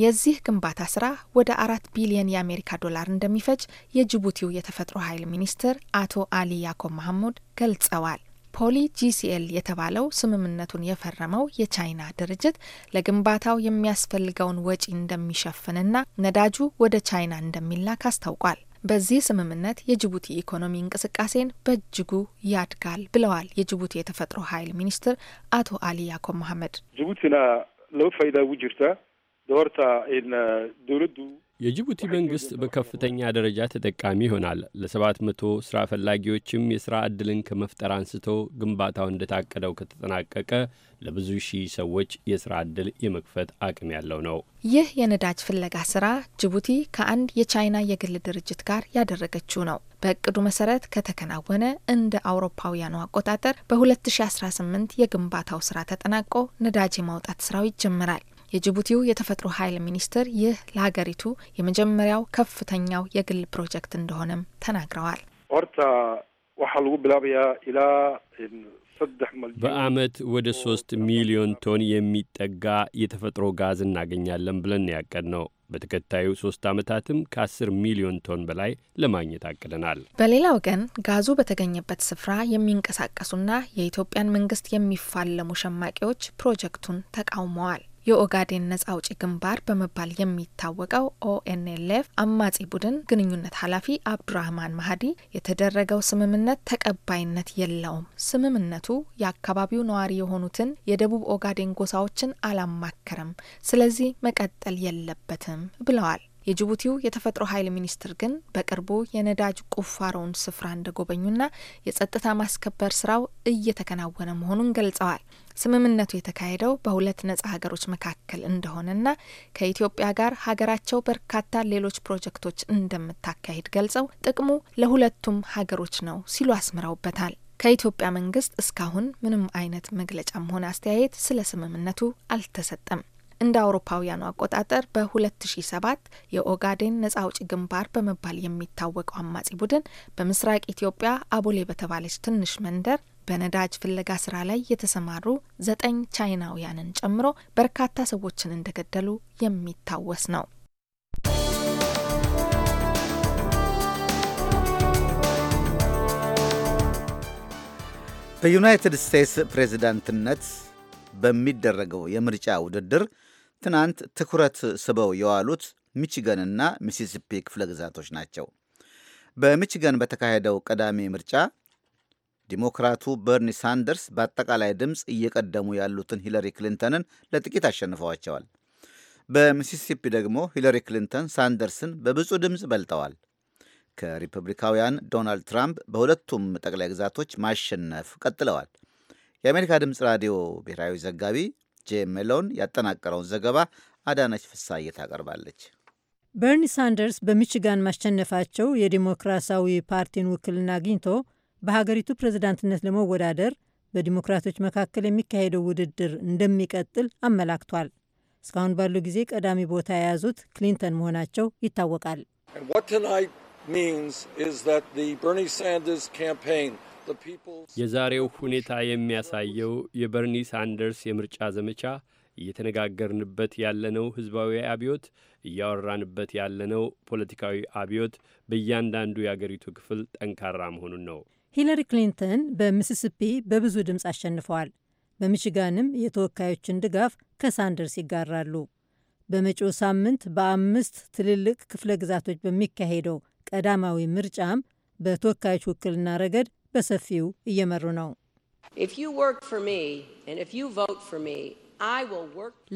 የዚህ ግንባታ ስራ ወደ አራት ቢሊየን የአሜሪካ ዶላር እንደሚፈጅ የጅቡቲው የተፈጥሮ ኃይል ሚኒስትር አቶ አሊ ያኮብ መሐሙድ ገልጸዋል። ፖሊ ጂሲኤል የተባለው ስምምነቱን የፈረመው የቻይና ድርጅት ለግንባታው የሚያስፈልገውን ወጪ እንደሚሸፍንና ነዳጁ ወደ ቻይና እንደሚላክ አስታውቋል። በዚህ ስምምነት የጅቡቲ ኢኮኖሚ እንቅስቃሴን በእጅጉ ያድጋል ብለዋል የጅቡቲ የተፈጥሮ ኃይል ሚኒስትር አቶ አሊ ያኮብ መሐመድ ጅቡቲ ና ፋይዳ ውጅርታ የጅቡቲ መንግስት በከፍተኛ ደረጃ ተጠቃሚ ይሆናል። ለሰባት መቶ ስራ ፈላጊዎችም የሥራ ዕድልን ከመፍጠር አንስቶ ግንባታው እንደታቀደው ከተጠናቀቀ ለብዙ ሺህ ሰዎች የሥራ ዕድል የመክፈት አቅም ያለው ነው። ይህ የነዳጅ ፍለጋ ሥራ ጅቡቲ ከአንድ የቻይና የግል ድርጅት ጋር ያደረገችው ነው። በእቅዱ መሰረት ከተከናወነ እንደ አውሮፓውያኑ አቆጣጠር በ2018 የግንባታው ስራ ተጠናቆ ነዳጅ የማውጣት ስራው ይጀምራል። የጅቡቲው የተፈጥሮ ኃይል ሚኒስትር ይህ ለሀገሪቱ የመጀመሪያው ከፍተኛው የግል ፕሮጀክት እንደሆነም ተናግረዋል። በአመት ወደ ሶስት ሚሊዮን ቶን የሚጠጋ የተፈጥሮ ጋዝ እናገኛለን ብለን ያቀድ ነው። በተከታዩ ሶስት ዓመታትም ከ10 ሚሊዮን ቶን በላይ ለማግኘት አቅደናል። በሌላ ወገን ጋዙ በተገኘበት ስፍራ የሚንቀሳቀሱና የኢትዮጵያን መንግስት የሚፋለሙ ሸማቂዎች ፕሮጀክቱን ተቃውመዋል። የኦጋዴን ነጻ አውጪ ግንባር በመባል የሚታወቀው ኦኤንኤልኤፍ አማጺ ቡድን ግንኙነት ኃላፊ አብዱራህማን ማሀዲ የተደረገው ስምምነት ተቀባይነት የለውም፣ ስምምነቱ የአካባቢው ነዋሪ የሆኑትን የደቡብ ኦጋዴን ጎሳዎችን አላማከረም፣ ስለዚህ መቀጠል የለበትም ብለዋል። የጅቡቲው የተፈጥሮ ኃይል ሚኒስትር ግን በቅርቡ የነዳጅ ቁፋሮውን ስፍራ እንደጎበኙና የጸጥታ ማስከበር ስራው እየተከናወነ መሆኑን ገልጸዋል። ስምምነቱ የተካሄደው በሁለት ነጻ ሀገሮች መካከል እንደሆነና ከኢትዮጵያ ጋር ሀገራቸው በርካታ ሌሎች ፕሮጀክቶች እንደምታካሂድ ገልጸው ጥቅሙ ለሁለቱም ሀገሮች ነው ሲሉ አስምረውበታል። ከኢትዮጵያ መንግስት እስካሁን ምንም አይነት መግለጫም ሆነ አስተያየት ስለ ስምምነቱ አልተሰጠም። እንደ አውሮፓውያኑ አቆጣጠር በ2007 የኦጋዴን ነጻ አውጪ ግንባር በመባል የሚታወቀው አማጺ ቡድን በምስራቅ ኢትዮጵያ አቦሌ በተባለች ትንሽ መንደር በነዳጅ ፍለጋ ስራ ላይ የተሰማሩ ዘጠኝ ቻይናውያንን ጨምሮ በርካታ ሰዎችን እንደገደሉ የሚታወስ ነው። በዩናይትድ ስቴትስ ፕሬዝዳንትነት በሚደረገው የምርጫ ውድድር ትናንት ትኩረት ስበው የዋሉት ሚችገንና ሚሲሲፒ ክፍለ ግዛቶች ናቸው። በሚችገን በተካሄደው ቀዳሚ ምርጫ ዲሞክራቱ በርኒ ሳንደርስ በአጠቃላይ ድምፅ እየቀደሙ ያሉትን ሂለሪ ክሊንተንን ለጥቂት አሸንፈዋቸዋል። በሚሲሲፒ ደግሞ ሂለሪ ክሊንተን ሳንደርስን በብዙ ድምፅ በልጠዋል። ከሪፐብሊካውያን ዶናልድ ትራምፕ በሁለቱም ጠቅላይ ግዛቶች ማሸነፍ ቀጥለዋል። የአሜሪካ ድምፅ ራዲዮ ብሔራዊ ዘጋቢ ጄ ሜሎን ያጠናቀረውን ዘገባ አዳነች ፍሳዬ ታቀርባለች። በርኒ ሳንደርስ በሚችጋን ማሸነፋቸው የዲሞክራሲያዊ ፓርቲን ውክልና አግኝቶ በሀገሪቱ ፕሬዝዳንትነት ለመወዳደር በዲሞክራቶች መካከል የሚካሄደው ውድድር እንደሚቀጥል አመላክቷል። እስካሁን ባለው ጊዜ ቀዳሚ ቦታ የያዙት ክሊንተን መሆናቸው ይታወቃል። የዛሬው ሁኔታ የሚያሳየው የበርኒ ሳንደርስ የምርጫ ዘመቻ እየተነጋገርንበት ያለነው ህዝባዊ አብዮት፣ እያወራንበት ያለነው ፖለቲካዊ አብዮት በእያንዳንዱ የአገሪቱ ክፍል ጠንካራ መሆኑን ነው። ሂለሪ ክሊንተን በሚሲሲፒ በብዙ ድምፅ አሸንፈዋል። በሚችጋንም የተወካዮችን ድጋፍ ከሳንደርስ ይጋራሉ። በመጪው ሳምንት በአምስት ትልልቅ ክፍለ ግዛቶች በሚካሄደው ቀዳማዊ ምርጫም በተወካዮች ውክልና ረገድ በሰፊው እየመሩ ነው።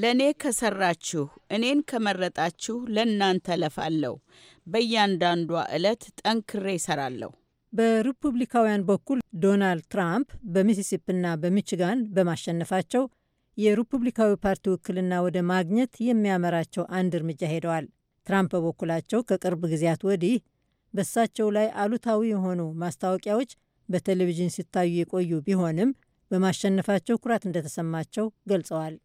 ለእኔ ከሰራችሁ እኔን ከመረጣችሁ ለእናንተ ለፋለሁ። በእያንዳንዷ ዕለት ጠንክሬ ይሰራለሁ። በሪፑብሊካውያን በኩል ዶናልድ ትራምፕ በሚሲሲፒና በሚችጋን በማሸነፋቸው የሪፑብሊካዊ ፓርቲ ውክልና ወደ ማግኘት የሚያመራቸው አንድ እርምጃ ሄደዋል። ትራምፕ በበኩላቸው ከቅርብ ጊዜያት ወዲህ በሳቸው ላይ አሉታዊ የሆኑ ማስታወቂያዎች በቴሌቪዥን ሲታዩ የቆዩ ቢሆንም በማሸነፋቸው ኩራት እንደተሰማቸው ገልጸዋል።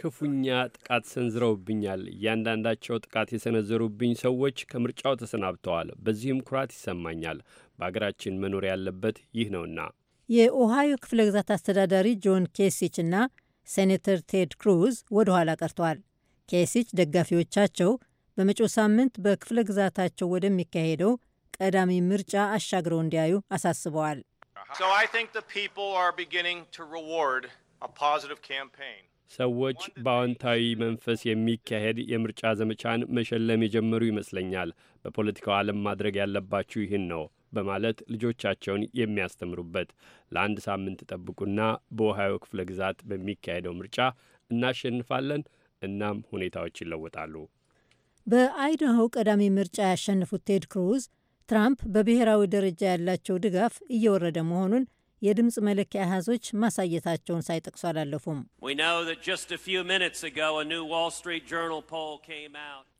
ክፉኛ ጥቃት ሰንዝረውብኛል። እያንዳንዳቸው ጥቃት የሰነዘሩብኝ ሰዎች ከምርጫው ተሰናብተዋል። በዚህም ኩራት ይሰማኛል። በሀገራችን መኖር ያለበት ይህ ነውና። የኦሃዮ ክፍለ ግዛት አስተዳዳሪ ጆን ኬሲች እና ሴኔተር ቴድ ክሩዝ ወደ ኋላ ቀርተዋል። ኬሲች ደጋፊዎቻቸው በመጪው ሳምንት በክፍለ ግዛታቸው ወደሚካሄደው ቀዳሚ ምርጫ አሻግረው እንዲያዩ አሳስበዋል። ሰዎች በአዎንታዊ መንፈስ የሚካሄድ የምርጫ ዘመቻን መሸለም የጀመሩ ይመስለኛል። በፖለቲካው ዓለም ማድረግ ያለባችሁ ይህን ነው በማለት ልጆቻቸውን የሚያስተምሩበት ለአንድ ሳምንት ጠብቁና በኦሃዮ ክፍለ ግዛት በሚካሄደው ምርጫ እናሸንፋለን። እናም ሁኔታዎች ይለወጣሉ። በአይዳሆ ቀዳሚ ምርጫ ያሸነፉት ቴድ ክሩዝ ትራምፕ በብሔራዊ ደረጃ ያላቸው ድጋፍ እየወረደ መሆኑን የድምፅ መለኪያ አሃዞች ማሳየታቸውን ሳይጠቅሱ አላለፉም።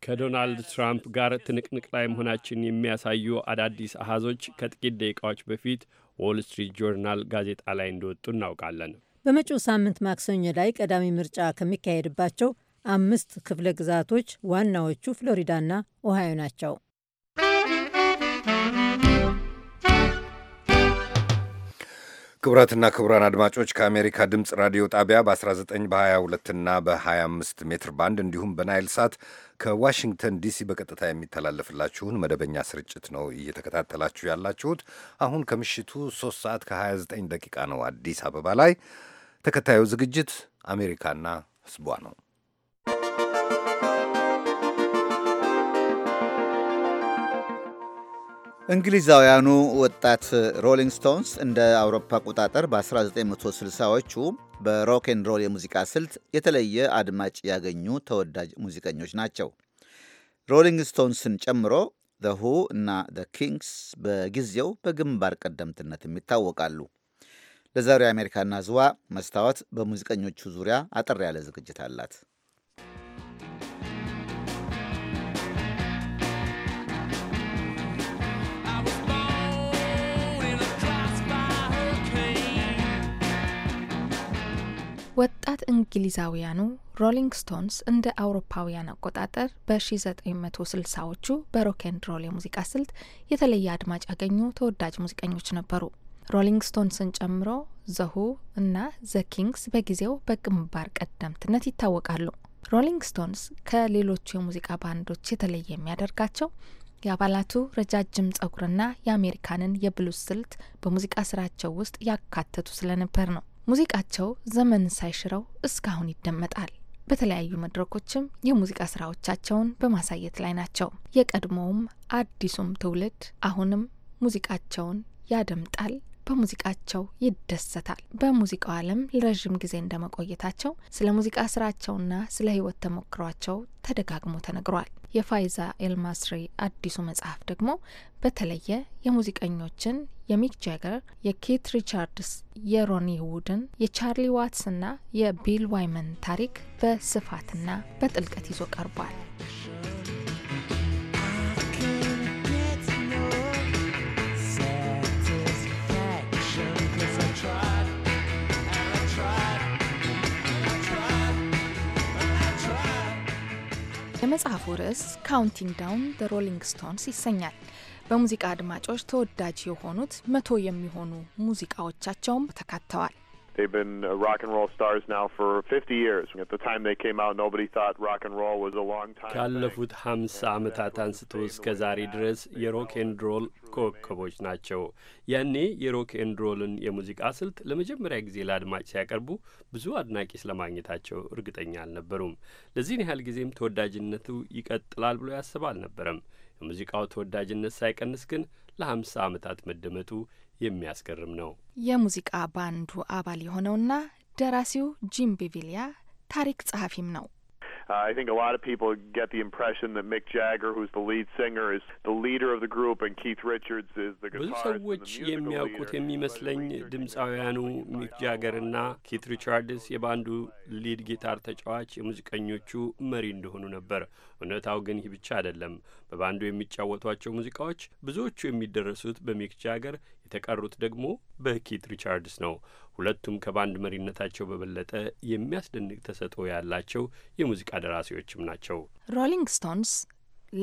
ከዶናልድ ትራምፕ ጋር ትንቅንቅ ላይ መሆናችን የሚያሳዩ አዳዲስ አሃዞች ከጥቂት ደቂቃዎች በፊት ዎል ስትሪት ጆርናል ጋዜጣ ላይ እንደወጡ እናውቃለን። በመጪው ሳምንት ማክሰኞ ላይ ቀዳሚ ምርጫ ከሚካሄድባቸው አምስት ክፍለ ግዛቶች ዋናዎቹ ፍሎሪዳና ኦሃዮ ናቸው። ክቡራትና ክቡራን አድማጮች ከአሜሪካ ድምፅ ራዲዮ ጣቢያ በ19 በ22 ና በ25 ሜትር ባንድ እንዲሁም በናይል ሳት ከዋሽንግተን ዲሲ በቀጥታ የሚተላለፍላችሁን መደበኛ ስርጭት ነው እየተከታተላችሁ ያላችሁት። አሁን ከምሽቱ 3 ሰዓት ከ29 ደቂቃ ነው አዲስ አበባ ላይ። ተከታዩ ዝግጅት አሜሪካና ሕዝቧ ነው። እንግሊዛውያኑ ወጣት ሮሊንግ ስቶንስ እንደ አውሮፓ አቆጣጠር በ1960ዎቹ በሮክ ሮል የሙዚቃ ስልት የተለየ አድማጭ ያገኙ ተወዳጅ ሙዚቀኞች ናቸው። ሮሊንግ ስቶንስን ጨምሮ ዘ ሁ እና ዘ ኪንግስ በጊዜው በግንባር ቀደምትነትም ይታወቃሉ። ለዛሬው የአሜሪካና ዝዋ መስታወት በሙዚቀኞቹ ዙሪያ አጠር ያለ ዝግጅት አላት። ወጣት እንግሊዛውያኑ ሮሊንግ ስቶንስ እንደ አውሮፓውያን አቆጣጠር በ1960ዎቹ በሮኬንድሮል የሙዚቃ ስልት የተለየ አድማጭ ያገኙ ተወዳጅ ሙዚቀኞች ነበሩ። ሮሊንግ ስቶንስን ጨምሮ ዘሁ እና ዘ ኪንግስ በጊዜው በግንባር ቀደምትነት ይታወቃሉ። ሮሊንግ ስቶንስ ከሌሎቹ የሙዚቃ ባንዶች የተለየ የሚያደርጋቸው የአባላቱ ረጃጅም ጸጉርና የአሜሪካንን የብሉዝ ስልት በሙዚቃ ስራቸው ውስጥ ያካተቱ ስለነበር ነው። ሙዚቃቸው ዘመን ሳይሽረው እስካሁን ይደመጣል። በተለያዩ መድረኮችም የሙዚቃ ስራዎቻቸውን በማሳየት ላይ ናቸው። የቀድሞውም አዲሱም ትውልድ አሁንም ሙዚቃቸውን ያደምጣል፣ በሙዚቃቸው ይደሰታል። በሙዚቃው ዓለም ለረዥም ጊዜ እንደመቆየታቸው ስለ ሙዚቃ ስራቸውና ስለ ህይወት ተሞክሯቸው ተደጋግሞ ተነግሯል። የፋይዛ ኤልማስሬ አዲሱ መጽሐፍ ደግሞ በተለየ የሙዚቀኞችን የሚክ ጃገር፣ የኬት ሪቻርድስ፣ የሮኒ ውድን፣ የቻርሊ ዋትስ ና የቢል ዋይመን ታሪክ በስፋትና በጥልቀት ይዞ ቀርቧል። የመጽሐፉ ርዕስ ካውንቲንግ ዳውን ዘ ሮሊንግ ስቶንስ ይሰኛል። በሙዚቃ አድማጮች ተወዳጅ የሆኑት መቶ የሚሆኑ ሙዚቃዎቻቸውም ተካተዋል። They've been uh, rock and roll stars now for 50 years. At the time they came out, nobody thought rock and roll was a long time. ካለፉት 50 ዓመታት አንስቶ እስከ ዛሬ ድረስ የሮክ ኤንድ ሮል ኮከቦች ናቸው። ያኔ የሮክ ኤንድ ሮልን የሙዚቃ ስልት ለመጀመሪያ ጊዜ ለአድማጭ ሲያቀርቡ ብዙ አድናቂ ስለማግኘታቸው እርግጠኛ አልነበሩም። ለዚህን ያህል ጊዜም ተወዳጅነቱ ይቀጥላል ብሎ ያስብ አልነበረም። የሙዚቃው ተወዳጅነት ሳይቀንስ ግን ለ50 ዓመታት መደመጡ የሚያስገርም ነው። የሙዚቃ ባንዱ አባል የሆነውና ደራሲው ጂም ቢቪሊያ ታሪክ ጸሐፊም ነው። I think a lot of people get the impression that Mick Jagger, who's the lead singer, is the leader of the group, and Keith Richards is the guitarist. ብዙ ሰዎች የሚያውቁት የሚመስለኝ ድምፃውያኑ ሚክ ጃገርና ኬት ሪቻርድስ የባንዱ ሊድ ጊታር ተጫዋች የሙዚቀኞቹ መሪ እንደሆኑ ነበር። እውነታው ግን ይህ ብቻ አይደለም። በባንዱ የሚጫወቷቸው ሙዚቃዎች ብዙዎቹ የሚደረሱት በሚክ ጃገር የተቀሩት ደግሞ በኪት ሪቻርድስ ነው። ሁለቱም ከባንድ መሪነታቸው በበለጠ የሚያስደንቅ ተሰጥኦ ያላቸው የሙዚቃ ደራሲዎችም ናቸው። ሮሊንግ ስቶንስ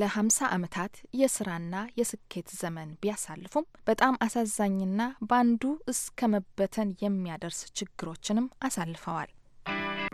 ለ50 ዓመታት የስራና የስኬት ዘመን ቢያሳልፉም በጣም አሳዛኝና ባንዱ እስከ መበተን የሚያደርስ ችግሮችንም አሳልፈዋል።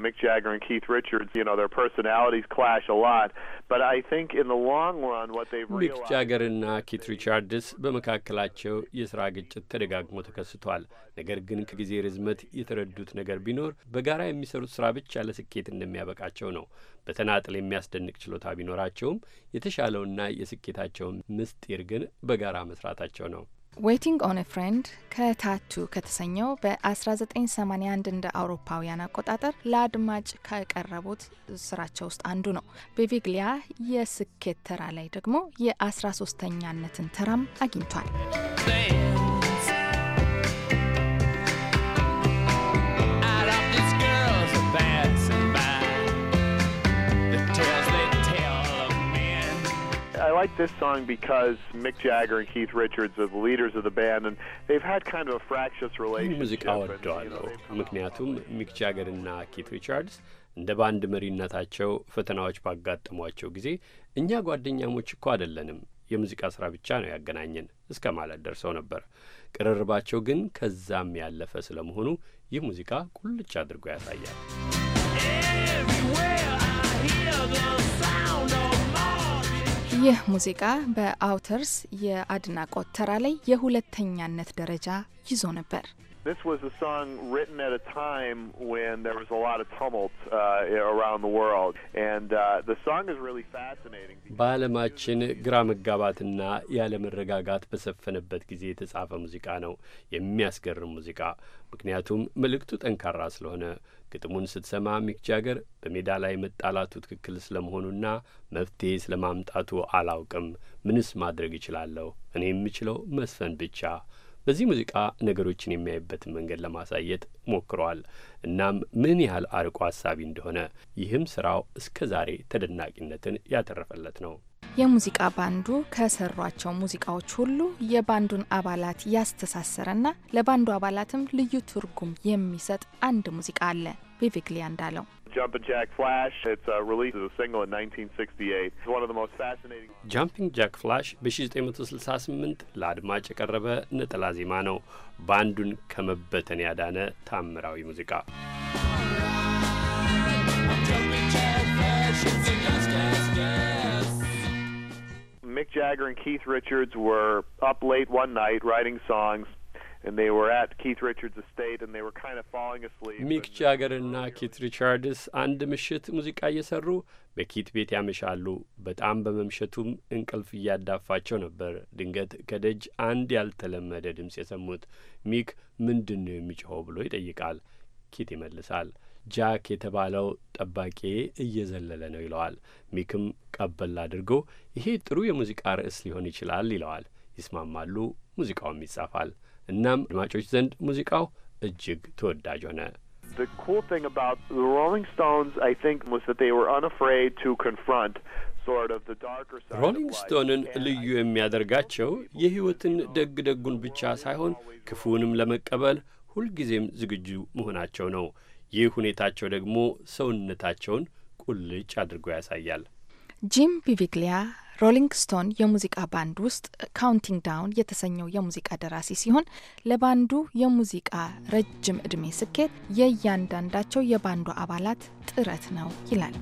Mick Jagger and Keith Richards, you know, their personalities clash a lot. But I think in the long run what they've realized... ሚክ ጃገርና ኪት ሪቻርድስ በመካከላቸው የስራ ግጭት ተደጋግሞ ተከስቷል። ነገር ግን ከጊዜ ርዝመት የተረዱት ነገር ቢኖር በጋራ የሚሰሩት ስራ ብቻ ለስኬት እንደሚያበቃቸው ነው። በተናጥል የሚያስደንቅ ችሎታ ቢኖራቸውም የተሻለውና የስኬታቸውን ምስጢር ግን በጋራ መስራታቸው ነው። ዌቲንግ ኦን ፍሬንድ ከታቱ ከተሰኘው በ1981 እንደ አውሮፓውያን አቆጣጠር ለአድማጭ ከቀረቡት ስራቸው ውስጥ አንዱ ነው። በቪግሊያ የስኬት ተራ ላይ ደግሞ የ13ተኛነትን ተራም አግኝቷል። like this song because Mick Jagger and Keith Richards are the leaders of the band, and they've had kind of a fractious relationship. እንደ ባንድ መሪነታቸው ፈተናዎች ባጋጠሟቸው ጊዜ እኛ ጓደኛሞች እኮ አደለንም የሙዚቃ ስራ ብቻ ነው ያገናኘን እስከ ማለት ደርሰው ነበር። ቅርርባቸው ግን ከዛም ያለፈ ስለመሆኑ ይህ ሙዚቃ ቁልጭ አድርጎ ያሳያል። ይህ ሙዚቃ በአውተርስ የአድናቆት ተራ ላይ የሁለተኛነት ደረጃ ይዞ ነበር። This was a song written at a time when there was a lot of tumult uh, around the world, and uh, the song is really fascinating. በዓለማችን ግራ መጋባትና ያለመረጋጋት በሰፈነበት ጊዜ የተጻፈ ሙዚቃ ነው። የሚያስገርም ሙዚቃ፣ ምክንያቱም መልእክቱ ጠንካራ ስለሆነ ግጥሙን ስትሰማ ሚክ ጃገር በሜዳ ላይ መጣላቱ ትክክል ስለመሆኑና መፍትሄ ስለማምጣቱ አላውቅም፣ ምንስ ማድረግ እችላለሁ? እኔ የምችለው መስፈን ብቻ በዚህ ሙዚቃ ነገሮችን የሚያይበትን መንገድ ለማሳየት ሞክረዋል። እናም ምን ያህል አርቆ ሀሳቢ እንደሆነ ይህም ስራው እስከ ዛሬ ተደናቂነትን ያተረፈለት ነው። የሙዚቃ ባንዱ ከሰሯቸው ሙዚቃዎች ሁሉ የባንዱን አባላት ያስተሳሰረና ለባንዱ አባላትም ልዩ ትርጉም የሚሰጥ አንድ ሙዚቃ አለ። Vivekliandalo. Jumpin' Jack Flash, it's uh, released as a single in 1968. It's one of the most fascinating... Jumpin' Jack Flash, bishis temato slsasimint, ladmache karrabe, netalazimano, bandun kamabbetani adane, tamrawi muzika. Mick Jagger and Keith Richards were up late one night writing songs. ሚክ ጃገርና ኪት ሪቻርድስ አንድ ምሽት ሙዚቃ እየሰሩ በኪት ቤት ያመሻሉ። በጣም በመምሸቱም እንቅልፍ እያዳፋቸው ነበር። ድንገት ከደጅ አንድ ያልተለመደ ድምፅ የሰሙት። ሚክ ምንድን ነው የሚጮኸው ብሎ ይጠይቃል። ኪት ይመልሳል። ጃክ የተባለው ጠባቂ እየዘለለ ነው ይለዋል። ሚክም ቀበል አድርጎ ይሄ ጥሩ የሙዚቃ ርዕስ ሊሆን ይችላል ይለዋል። ይስማማሉ። ሙዚቃውም ይጻፋል። እናም አድማጮች ዘንድ ሙዚቃው እጅግ ተወዳጅ ሆነ። The cool thing about the Rolling Stones, I think, was that they were unafraid to confront sort of the darker side. ሮሊንግ ስቶንን ልዩ የሚያደርጋቸው የሕይወትን ደግ ደጉን ብቻ ሳይሆን ክፉውንም ለመቀበል ሁልጊዜም ዝግጁ መሆናቸው ነው። ይህ ሁኔታቸው ደግሞ ሰውነታቸውን ቁልጭ አድርጎ ያሳያል። ጂም ቢቪግሊያ ሮሊንግ ስቶን የሙዚቃ ባንድ ውስጥ ካውንቲንግ ዳውን የተሰኘው የሙዚቃ ደራሲ ሲሆን ለባንዱ የሙዚቃ ረጅም ዕድሜ ስኬት የእያንዳንዳቸው የባንዱ አባላት ጥረት ነው ይላል።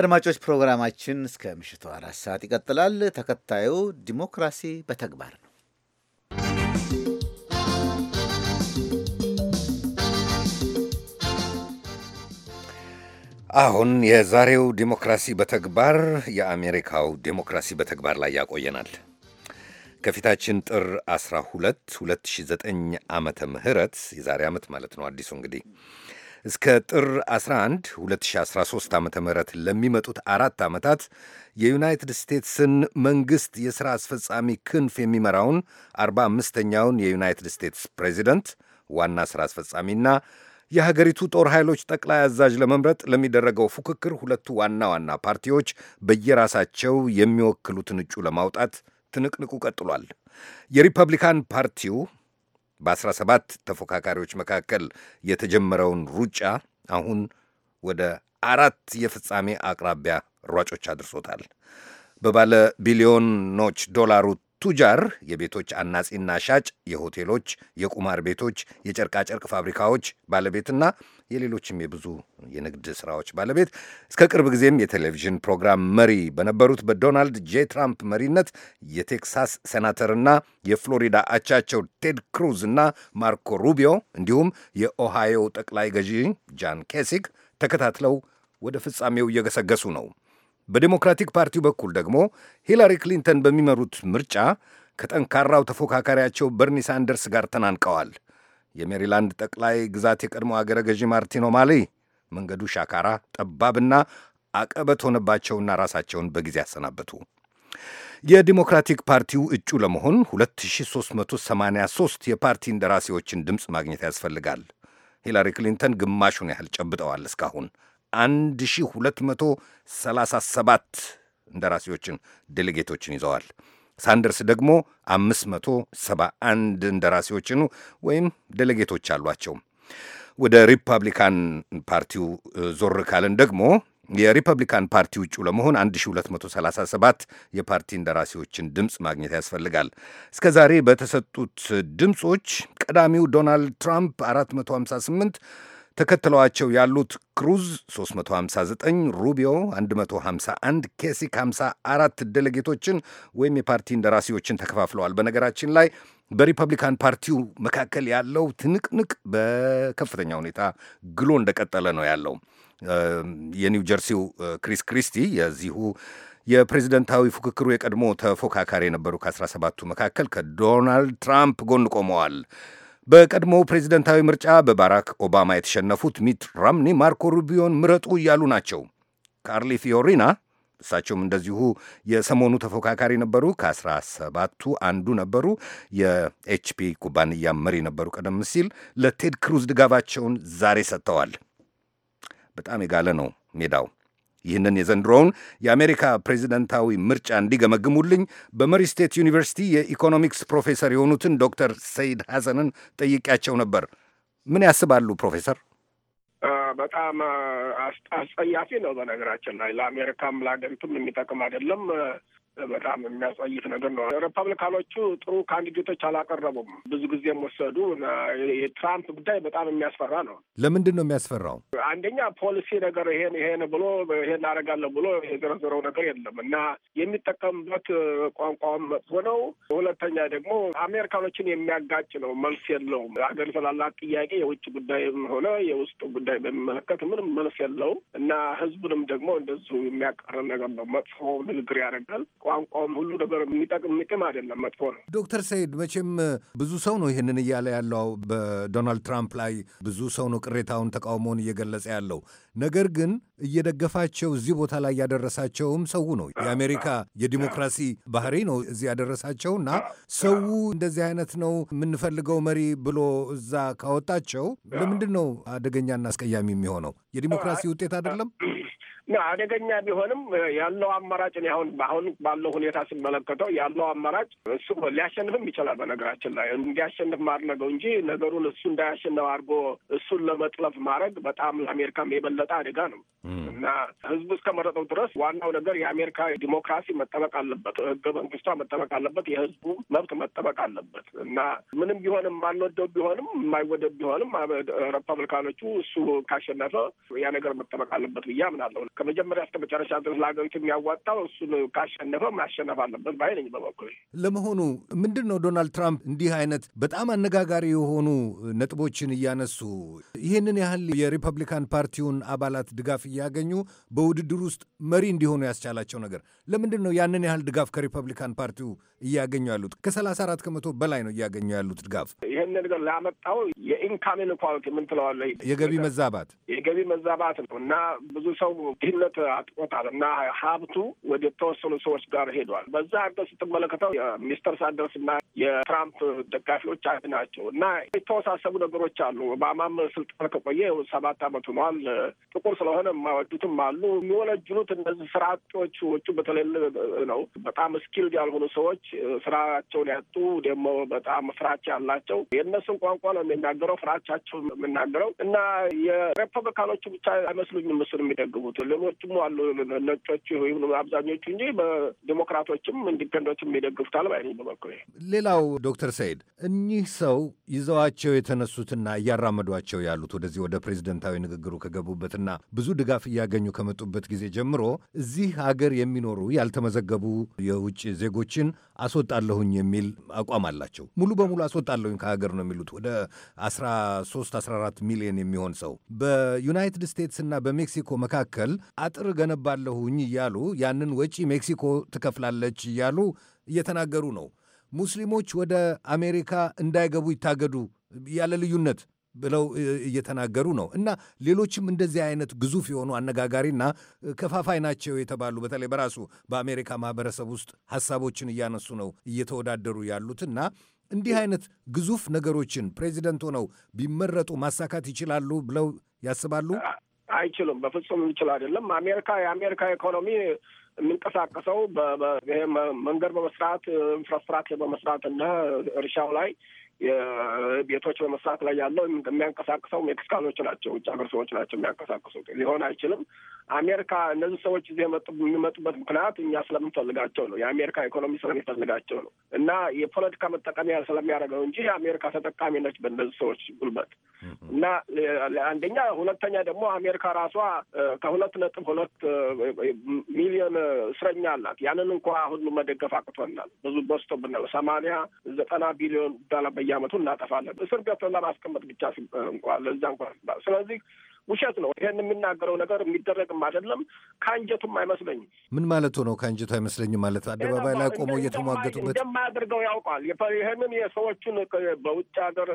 አድማጮች ፕሮግራማችን እስከ ምሽቱ አራት ሰዓት ይቀጥላል። ተከታዩ ዲሞክራሲ በተግባር ነው። አሁን የዛሬው ዲሞክራሲ በተግባር የአሜሪካው ዲሞክራሲ በተግባር ላይ ያቆየናል። ከፊታችን ጥር 12 2009 ዓመተ ምህረት የዛሬ ዓመት ማለት ነው አዲሱ እንግዲህ እስከ ጥር 11 2013 ዓ ም ለሚመጡት አራት ዓመታት የዩናይትድ ስቴትስን መንግሥት የሥራ አስፈጻሚ ክንፍ የሚመራውን 45ኛውን የዩናይትድ ስቴትስ ፕሬዚደንት ዋና ሥራ አስፈጻሚና የሀገሪቱ ጦር ኃይሎች ጠቅላይ አዛዥ ለመምረጥ ለሚደረገው ፉክክር ሁለቱ ዋና ዋና ፓርቲዎች በየራሳቸው የሚወክሉትን እጩ ለማውጣት ትንቅንቁ ቀጥሏል። የሪፐብሊካን ፓርቲው በ17 ተፎካካሪዎች መካከል የተጀመረውን ሩጫ አሁን ወደ አራት የፍጻሜ አቅራቢያ ሯጮች አድርሶታል። በባለ ቢሊዮኖች ዶላሩ ቱጃር የቤቶች አናጺና ሻጭ፣ የሆቴሎች፣ የቁማር ቤቶች፣ የጨርቃጨርቅ ፋብሪካዎች ባለቤትና የሌሎችም የብዙ የንግድ ስራዎች ባለቤት እስከ ቅርብ ጊዜም የቴሌቪዥን ፕሮግራም መሪ በነበሩት በዶናልድ ጄ ትራምፕ መሪነት የቴክሳስ ሴናተርና የፍሎሪዳ አቻቸው ቴድ ክሩዝ እና ማርኮ ሩቢዮ እንዲሁም የኦሃዮ ጠቅላይ ገዢ ጃን ኬሲክ ተከታትለው ወደ ፍጻሜው እየገሰገሱ ነው። በዴሞክራቲክ ፓርቲው በኩል ደግሞ ሂላሪ ክሊንተን በሚመሩት ምርጫ ከጠንካራው ተፎካካሪያቸው በርኒ ሳንደርስ ጋር ተናንቀዋል። የሜሪላንድ ጠቅላይ ግዛት የቀድሞ አገረ ገዢ ማርቲን ኦማሌ መንገዱ ሻካራ ጠባብና አቀበት ሆነባቸውና ራሳቸውን በጊዜ አሰናበቱ። የዲሞክራቲክ ፓርቲው እጩ ለመሆን 2383 የፓርቲ እንደራሴዎችን ድምፅ ማግኘት ያስፈልጋል። ሂላሪ ክሊንተን ግማሹን ያህል ጨብጠዋል እስካሁን 1237 እንደራሴዎችን ዴሌጌቶችን ይዘዋል። ሳንደርስ ደግሞ 571 እንደራሴዎችን ወይም ዴሌጌቶች አሏቸው። ወደ ሪፐብሊካን ፓርቲው ዞር ካልን ደግሞ የሪፐብሊካን ፓርቲ እጩ ለመሆን 1237 የፓርቲ እንደራሴዎችን ድምፅ ማግኘት ያስፈልጋል። እስከ ዛሬ በተሰጡት ድምፆች ቀዳሚው ዶናልድ ትራምፕ 458 ተከትለዋቸው ያሉት ክሩዝ 359፣ ሩቢዮ 151፣ ኬሲክ 54 ደለጌቶችን ወይም የፓርቲ እንደራሲዎችን ተከፋፍለዋል። በነገራችን ላይ በሪፐብሊካን ፓርቲው መካከል ያለው ትንቅንቅ በከፍተኛ ሁኔታ ግሎ እንደቀጠለ ነው ያለው። የኒው ጀርሲው ክሪስ ክሪስቲ የዚሁ የፕሬዚደንታዊ ፉክክሩ የቀድሞ ተፎካካሪ የነበሩ ከ17ቱ መካከል ከዶናልድ ትራምፕ ጎን ቆመዋል። በቀድሞው ፕሬዚደንታዊ ምርጫ በባራክ ኦባማ የተሸነፉት ሚት ራምኒ ማርኮ ሩቢዮን ምረጡ እያሉ ናቸው። ካርሊ ፊዮሪና እሳቸውም እንደዚሁ የሰሞኑ ተፎካካሪ ነበሩ። ከአስራ ሰባቱ አንዱ ነበሩ። የኤችፒ ኩባንያ መሪ ነበሩ። ቀደም ሲል ለቴድ ክሩዝ ድጋፋቸውን ዛሬ ሰጥተዋል። በጣም የጋለ ነው ሜዳው። ይህንን የዘንድሮውን የአሜሪካ ፕሬዚደንታዊ ምርጫ እንዲገመግሙልኝ በመሪ ስቴት ዩኒቨርሲቲ የኢኮኖሚክስ ፕሮፌሰር የሆኑትን ዶክተር ሰይድ ሐሰንን ጠይቄያቸው ነበር። ምን ያስባሉ ፕሮፌሰር? በጣም አስጸያፊ ነው። በነገራችን ላይ ለአሜሪካም ለሀገሪቱም የሚጠቅም አይደለም። በጣም የሚያሳይት ነገር ነው። ሪፐብሊካኖቹ ጥሩ ካንዲዴቶች አላቀረቡም። ብዙ ጊዜ ወሰዱ። የትራምፕ ጉዳይ በጣም የሚያስፈራ ነው። ለምንድን ነው የሚያስፈራው? አንደኛ ፖሊሲ ነገር ይሄን ይሄን ብሎ ይሄን አደርጋለሁ ብሎ የዘረዘረው ነገር የለም እና የሚጠቀምበት ቋንቋም መጥፎ ነው። ሁለተኛ ደግሞ አሜሪካኖችን የሚያጋጭ ነው። መልስ የለውም። ሀገር ስላላት ጥያቄ የውጭ ጉዳይም ሆነ የውስጥ ጉዳይ በሚመለከት ምንም መልስ የለውም እና ህዝቡንም ደግሞ እንደዚሁ የሚያቀርን ነገር ነው። መጥፎ ንግግር ያደርጋል። ቋንቋውም ሁሉ ነገር የሚጠቅም የሚጥም አይደለም፣ መጥፎ ነው። ዶክተር ሰይድ መቼም ብዙ ሰው ነው ይህንን እያለ ያለው በዶናልድ ትራምፕ ላይ ብዙ ሰው ነው ቅሬታውን፣ ተቃውሞውን እየገለጸ ያለው ነገር ግን እየደገፋቸው እዚህ ቦታ ላይ ያደረሳቸውም ሰው ነው። የአሜሪካ የዲሞክራሲ ባህሪ ነው እዚህ ያደረሳቸው እና ሰው እንደዚህ አይነት ነው የምንፈልገው መሪ ብሎ እዛ ካወጣቸው ለምንድን ነው አደገኛና አስቀያሚ የሚሆነው? የዲሞክራሲ ውጤት አይደለም? አደገኛ ቢሆንም ያለው አማራጭ አሁን አሁን ባለው ሁኔታ ስመለከተው ያለው አማራጭ እሱ ሊያሸንፍም ይችላል። በነገራችን ላይ እንዲያሸንፍ ማድረገው እንጂ ነገሩን እሱ እንዳያሸንፍ አድርጎ እሱን ለመጥለፍ ማድረግ በጣም ለአሜሪካም የበለጠ አደጋ ነው እና ህዝቡ እስከመረጠው ድረስ ዋናው ነገር የአሜሪካ ዲሞክራሲ መጠበቅ አለበት፣ ህገ መንግስቷ መጠበቅ አለበት፣ የህዝቡ መብት መጠበቅ አለበት እና ምንም ቢሆንም ማንወደው ቢሆንም የማይወደድ ቢሆንም ሪፐብሊካኖቹ እሱ ካሸነፈ ያ ነገር መጠበቅ አለበት ብዬ አምናለሁ። ከመጀመሪያ እስከ መጨረሻ ድረስ ለሀገሪቱ የሚያዋጣው እሱን ካሸነፈ ማሸነፍ አለበት ባይ ነኝ በበኩል። ለመሆኑ ምንድን ነው ዶናልድ ትራምፕ እንዲህ አይነት በጣም አነጋጋሪ የሆኑ ነጥቦችን እያነሱ ይህንን ያህል የሪፐብሊካን ፓርቲውን አባላት ድጋፍ እያገኙ በውድድር ውስጥ መሪ እንዲሆኑ ያስቻላቸው ነገር ለምንድን ነው? ያንን ያህል ድጋፍ ከሪፐብሊካን ፓርቲው እያገኙ ያሉት ከሰላሳ አራት ከመቶ በላይ ነው እያገኙ ያሉት ድጋፍ። ይህን ነገር ላመጣው የኢንካም ኢንኳሊቲ ምን ትለዋለህ? የገቢ መዛባት የገቢ መዛባት ነው እና ብዙ ሰው ድህነት አጥቆታል እና ሀብቱ ወደ ተወሰኑ ሰዎች ጋር ሄዷል። በዛ አንተ ስትመለከተው የሚስተር ሳንደርስ እና የትራምፕ ደጋፊዎች አንድ ናቸው እና የተወሳሰቡ ነገሮች አሉ። ኦባማም ስልጣን ከቆየ ሰባት አመት ሆኗል። ጥቁር ስለሆነ የማይወዱትም አሉ። የሚወለጅሉት እነዚህ ስራ አጦች ወጩ በተለይ ነው በጣም ስኪልድ ያልሆኑ ሰዎች ስራቸውን ያጡ ደግሞ በጣም ፍራቻ ያላቸው የእነሱን ቋንቋ ነው የሚናገረው፣ ፍራቻቸው የምናገረው እና የሪፐብሊካኖቹ ብቻ አይመስሉኝም እሱን የሚደግፉት ሌሎችም አሉ ነጮች ወይም አብዛኞቹ እንጂ በዲሞክራቶችም ኢንዲፔንዶች የሚደግፉታል ባይ በበኩሌ። ሌላው ዶክተር ሰይድ እኚህ ሰው ይዘዋቸው የተነሱትና እያራመዷቸው ያሉት ወደዚህ ወደ ፕሬዚደንታዊ ንግግሩ ከገቡበትና ብዙ ድጋፍ እያገኙ ከመጡበት ጊዜ ጀምሮ እዚህ ሀገር የሚኖሩ ያልተመዘገቡ የውጭ ዜጎችን አስወጣለሁኝ የሚል አቋም አላቸው። ሙሉ በሙሉ አስወጣለሁኝ ከሀገር ነው የሚሉት ወደ 13 14 ሚሊዮን የሚሆን ሰው በዩናይትድ እና በሜክሲኮ መካከል አጥር ገነባለሁኝ እያሉ ያንን ወጪ ሜክሲኮ ትከፍላለች እያሉ እየተናገሩ ነው። ሙስሊሞች ወደ አሜሪካ እንዳይገቡ ይታገዱ ያለ ልዩነት ብለው እየተናገሩ ነው። እና ሌሎችም እንደዚህ አይነት ግዙፍ የሆኑ አነጋጋሪና ከፋፋይ ናቸው የተባሉ በተለይ በራሱ በአሜሪካ ማህበረሰብ ውስጥ ሀሳቦችን እያነሱ ነው እየተወዳደሩ ያሉትና እንዲህ አይነት ግዙፍ ነገሮችን ፕሬዚደንት ሆነው ቢመረጡ ማሳካት ይችላሉ ብለው ያስባሉ? አይችልም። በፍጹም የሚችል አይደለም። አሜሪካ የአሜሪካ ኢኮኖሚ የሚንቀሳቀሰው መንገድ በመስራት ኢንፍራስትራክቸር በመስራት እና እርሻው ላይ ቤቶች በመስራት ላይ ያለው የሚያንቀሳቅሰው ሜክሲካኖች ናቸው፣ ውጭ ሀገር ሰዎች ናቸው የሚያንቀሳቅሱት። ሊሆን አይችልም። አሜሪካ እነዚህ ሰዎች እዚህ የሚመጡበት ምክንያት እኛ ስለምንፈልጋቸው ነው። የአሜሪካ ኢኮኖሚ ስለሚፈልጋቸው ነው እና የፖለቲካ መጠቀሚያ ስለሚያደርገው እንጂ የአሜሪካ ተጠቃሚ ነች በእነዚህ ሰዎች ጉልበት እና አንደኛ፣ ሁለተኛ ደግሞ አሜሪካ ራሷ ከሁለት ነጥብ ሁለት ሚሊዮን እስረኛ አላት። ያንን እንኳ ሁሉ መደገፍ አቅቶናል። ብዙ በዝቶብናል። ሰማንያ ዘጠና ቢሊዮን ዶላር በየአመቱ እናጠፋለን። እስር ቤት ለማስቀመጥ ብቻ እንኳ ለዛ እንኳ። ስለዚህ ውሸት ነው። ይሄን የምናገረው ነገር የሚደረግም አይደለም፣ ከአንጀቱም አይመስለኝም። ምን ማለቱ ነው? ከአንጀቱ አይመስለኝም ማለት አደባባይ ላይ ቆሞ እየተሟገቱበት እንደማያደርገው ያውቃል። ይህንን የሰዎቹን በውጭ ሀገር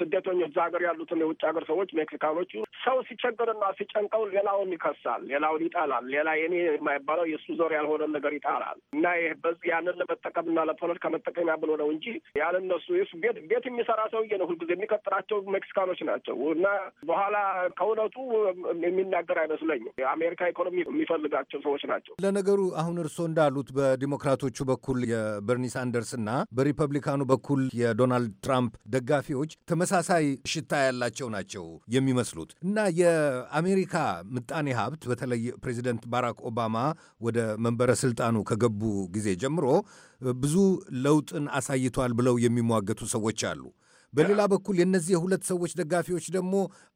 ስደተኞች እዛ ሀገር ያሉትን የውጭ ሀገር ሰዎች ሜክሲካኖቹ ሰው ሲቸግርና ሲጨንቀው ሌላውን ይከሳል፣ ሌላውን ይጠላል፣ ሌላ የኔ የማይባለው የእሱ ዘር ያልሆነ ነገር ይጠላል። እና ይህ በዚህ ያንን ለመጠቀምና ለፖለቲካ መጠቀሚያ ብሎ ነው እንጂ ያለነሱ ቤት ቤት የሚሰራ ሰውዬ ነው ሁልጊዜ የሚቀጥራቸው ሜክሲካኖች ናቸው እና በኋላ ከእውነቱ የሚናገር አይመስለኝም። የአሜሪካ ኢኮኖሚ የሚፈልጋቸው ሰዎች ናቸው። ለነገሩ አሁን እርስዎ እንዳሉት በዲሞክራቶቹ በኩል የበርኒ ሳንደርስ እና በሪፐብሊካኑ በኩል የዶናልድ ትራምፕ ደጋፊዎች ተመሳሳይ ሽታ ያላቸው ናቸው የሚመስሉት እና የአሜሪካ ምጣኔ ሀብት በተለይ ፕሬዚደንት ባራክ ኦባማ ወደ መንበረ ስልጣኑ ከገቡ ጊዜ ጀምሮ ብዙ ለውጥን አሳይቷል ብለው የሚሟገቱ ሰዎች አሉ። በሌላ በኩል የእነዚህ የሁለት ሰዎች ደጋፊዎች ደግሞ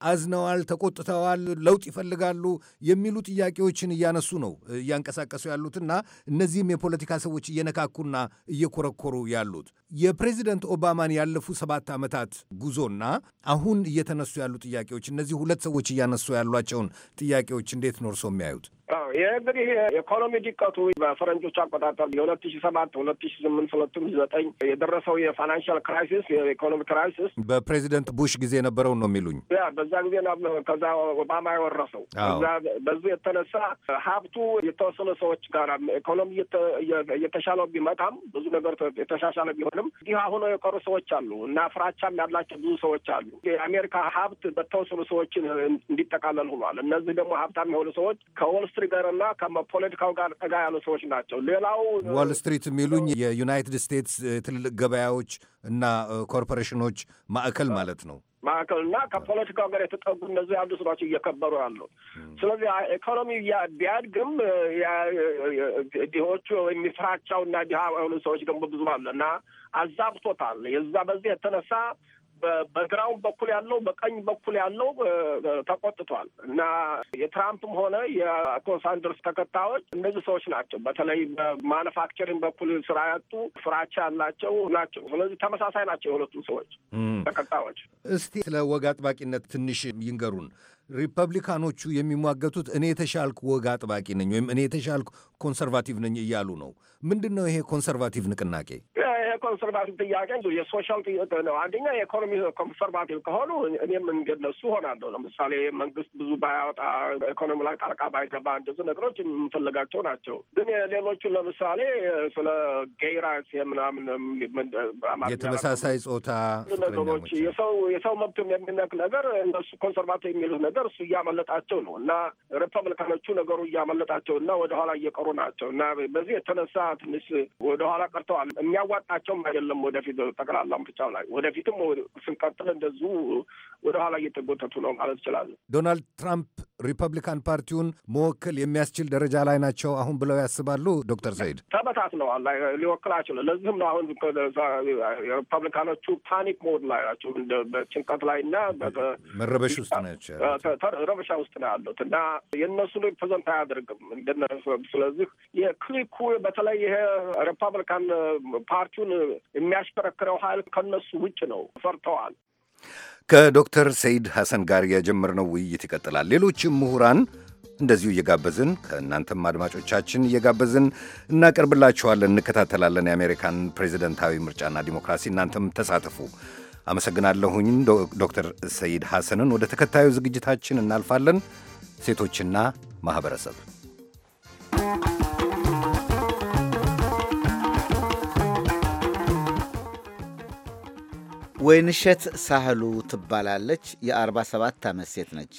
አዝነዋል፣ ተቆጥተዋል፣ ለውጥ ይፈልጋሉ የሚሉ ጥያቄዎችን እያነሱ ነው እያንቀሳቀሱ ያሉትና እነዚህም የፖለቲካ ሰዎች እየነካኩና እየኮረኮሩ ያሉት የፕሬዚደንት ኦባማን ያለፉ ሰባት ዓመታት ጉዞና አሁን እየተነሱ ያሉ ጥያቄዎች እነዚህ ሁለት ሰዎች እያነሱ ያሏቸውን ጥያቄዎች እንዴት ኖርሶ የሚያዩት? አዎ እንግዲህ የኢኮኖሚ ድቀቱ በፈረንጆች አቆጣጠር የሁለት ሺ ሰባት ሁለት ሺ ስምንት ሁለት ሺ ዘጠኝ የደረሰው የፋይናንሻል ክራይሲስ የኢኮኖሚ ክራይሲስ በፕሬዚደንት ቡሽ ጊዜ የነበረውን ነው የሚሉኝ። ያ በዛ ጊዜ ከዛ ኦባማ የወረሰው በዚህ የተነሳ ሀብቱ የተወሰኑ ሰዎች ጋር ኢኮኖሚ እየተሻለው ቢመጣም ብዙ ነገር የተሻሻለ ቢሆንም ይህ አሁኖ የቀሩ ሰዎች አሉ እና ፍራቻም ያላቸው ብዙ ሰዎች አሉ። የአሜሪካ ሀብት በተወሰኑ ሰዎችን እንዲጠቃለል ሆኗል። እነዚህ ደግሞ ሀብታም የሆኑ ሰዎች ከወልስ ከኢንዱስትሪ ጋር እና ከፖለቲካው ጋር ጠጋ ያሉ ሰዎች ናቸው። ሌላው ዋል ስትሪት የሚሉኝ የዩናይትድ ስቴትስ ትልልቅ ገበያዎች እና ኮርፖሬሽኖች ማዕከል ማለት ነው ማዕከል እና ከፖለቲካው ጋር የተጠጉ እነዚህ ያሉ ስራዎች እየከበሩ ያሉ። ስለዚህ ኢኮኖሚ ቢያድግም ድሆቹ የሚፍራቸው እና ድሃ የሆኑ ሰዎች ደግሞ ብዙ አለ እና አዛብቶታል። የዛ በዚህ የተነሳ በግራውን በኩል ያለው በቀኝ በኩል ያለው ተቆጥቷል እና የትራምፕም ሆነ የአቶ ሳንደርስ ተከታዮች እነዚህ ሰዎች ናቸው። በተለይ በማኑፋክቸሪንግ በኩል ስራ ያጡ ፍራቻ ያላቸው ናቸው። ስለዚህ ተመሳሳይ ናቸው የሁለቱም ሰዎች ተከታዮች። እስቲ ስለ ወግ አጥባቂነት ትንሽ ይንገሩን። ሪፐብሊካኖቹ የሚሟገቱት እኔ የተሻልኩ ወግ አጥባቂ ነኝ ወይም እኔ የተሻልኩ ኮንሰርቫቲቭ ነኝ እያሉ ነው። ምንድን ነው ይሄ ኮንሰርቫቲቭ ንቅናቄ? የኮንሰርቫቲቭ ጥያቄ የሶሻል ጥያቄ ነው። አንደኛ የኢኮኖሚ ኮንሰርቫቲቭ ከሆኑ እኔም እንደነሱ ሆናለሁ። ለምሳሌ መንግስት ብዙ ባያወጣ፣ ኢኮኖሚ ላይ ጣልቃ ባይገባ፣ እንደዚህ ነገሮች የምንፈልጋቸው ናቸው። ግን ሌሎቹ ለምሳሌ ስለ ጌይ ራይትስ ምናምን የተመሳሳይ ጾታ ነገሮች የሰው የሰው መብትም የሚነክ ነገር እነሱ ኮንሰርቫቲቭ የሚሉት ነገር እሱ እያመለጣቸው ነው እና ሪፐብሊካኖቹ ነገሩ እያመለጣቸው እና ወደኋላ እየቀሩ ናቸው እና በዚህ የተነሳ ትንሽ ወደኋላ ቀርተዋል የሚያዋጣቸው ብቻቸውም አይደለም ወደፊት ጠቅላላም ብቻ ላይ ወደፊትም ስንቀጥል እንደዚሁ ወደኋላ እየተጎተቱ ነው ማለት ይችላል። ዶናልድ ትራምፕ ሪፐብሊካን ፓርቲውን መወከል የሚያስችል ደረጃ ላይ ናቸው አሁን ብለው ያስባሉ? ዶክተር ሰይድ ተበታትነዋል። ሊወክል አይችልም። ለዚህም ነው አሁን ሪፐብሊካኖቹ ፓኒክ ሞድ ላይ ናቸው። በጭንቀት ላይ እና መረበሽ ውስጥ ናቸው። ረበሻ ውስጥ ነው ያሉት እና የእነሱን ሪፕሬዘንት አያደርግም። ስለዚህ ይሄ ክሊኩ በተለይ ይሄ ሪፐብሊካን ፓርቲውን የሚያሽከረክረው ኃይል ከነሱ ውጭ ነው። ፈርተዋል። ከዶክተር ሰይድ ሐሰን ጋር የጀመርነው ውይይት ይቀጥላል። ሌሎችም ምሁራን እንደዚሁ እየጋበዝን ከእናንተም አድማጮቻችን እየጋበዝን እናቀርብላችኋለን። እንከታተላለን የአሜሪካን ፕሬዚደንታዊ ምርጫና ዲሞክራሲ። እናንተም ተሳትፉ። አመሰግናለሁኝ ዶክተር ሰይድ ሐሰንን። ወደ ተከታዩ ዝግጅታችን እናልፋለን። ሴቶችና ማኅበረሰብ ወይንሸት ሳህሉ ትባላለች። የ47 ዓመት ሴት ነች።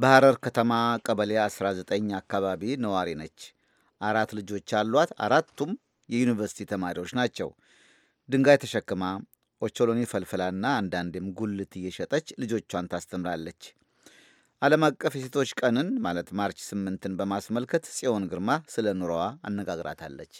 በሐረር ከተማ ቀበሌ 19 አካባቢ ነዋሪ ነች። አራት ልጆች አሏት። አራቱም የዩኒቨርሲቲ ተማሪዎች ናቸው። ድንጋይ ተሸክማ ኦቾሎኒ ፈልፍላና አንዳንዴም ጉልት እየሸጠች ልጆቿን ታስተምራለች። ዓለም አቀፍ የሴቶች ቀንን ማለት ማርች 8 በማስመልከት ጽዮን ግርማ ስለ ኑሮዋ አነጋግራታለች።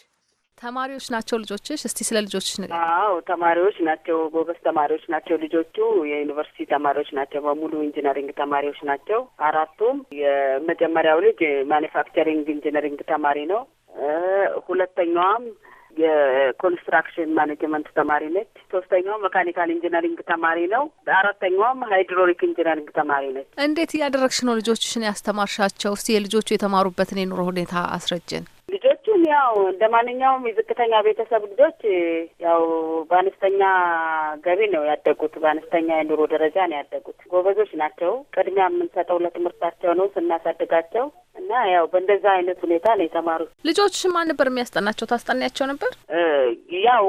ተማሪዎች ናቸው ልጆችሽ? እስቲ ስለ ልጆችሽ ንገ አዎ ተማሪዎች ናቸው፣ ጎበዝ ተማሪዎች ናቸው። ልጆቹ የዩኒቨርሲቲ ተማሪዎች ናቸው፣ በሙሉ ኢንጂነሪንግ ተማሪዎች ናቸው። አራቱም የመጀመሪያው ልጅ ማኒፋክቸሪንግ ኢንጂነሪንግ ተማሪ ነው። ሁለተኛዋም የኮንስትራክሽን ማኔጅመንት ተማሪ ነች። ሶስተኛው መካኒካል ኢንጂነሪንግ ተማሪ ነው። አራተኛውም ሃይድሮሊክ ኢንጂነሪንግ ተማሪ ነች። እንዴት እያደረግሽ ነው ልጆችሽን ያስተማርሻቸው? እስቲ የልጆቹ የተማሩበትን የኑሮ ሁኔታ አስረጅን። ያው እንደ ማንኛውም የዝቅተኛ ቤተሰብ ልጆች ያው በአነስተኛ ገቢ ነው ያደጉት። በአነስተኛ የኑሮ ደረጃ ነው ያደጉት። ጎበዞች ናቸው። ቅድሚያ የምንሰጠው ለትምህርታቸው ነው ስናሳድጋቸው እና ያው በእንደዛ አይነት ሁኔታ ነው የተማሩት። ልጆች ማን ነበር የሚያስጠናቸው? ታስጠናያቸው ነበር? ያው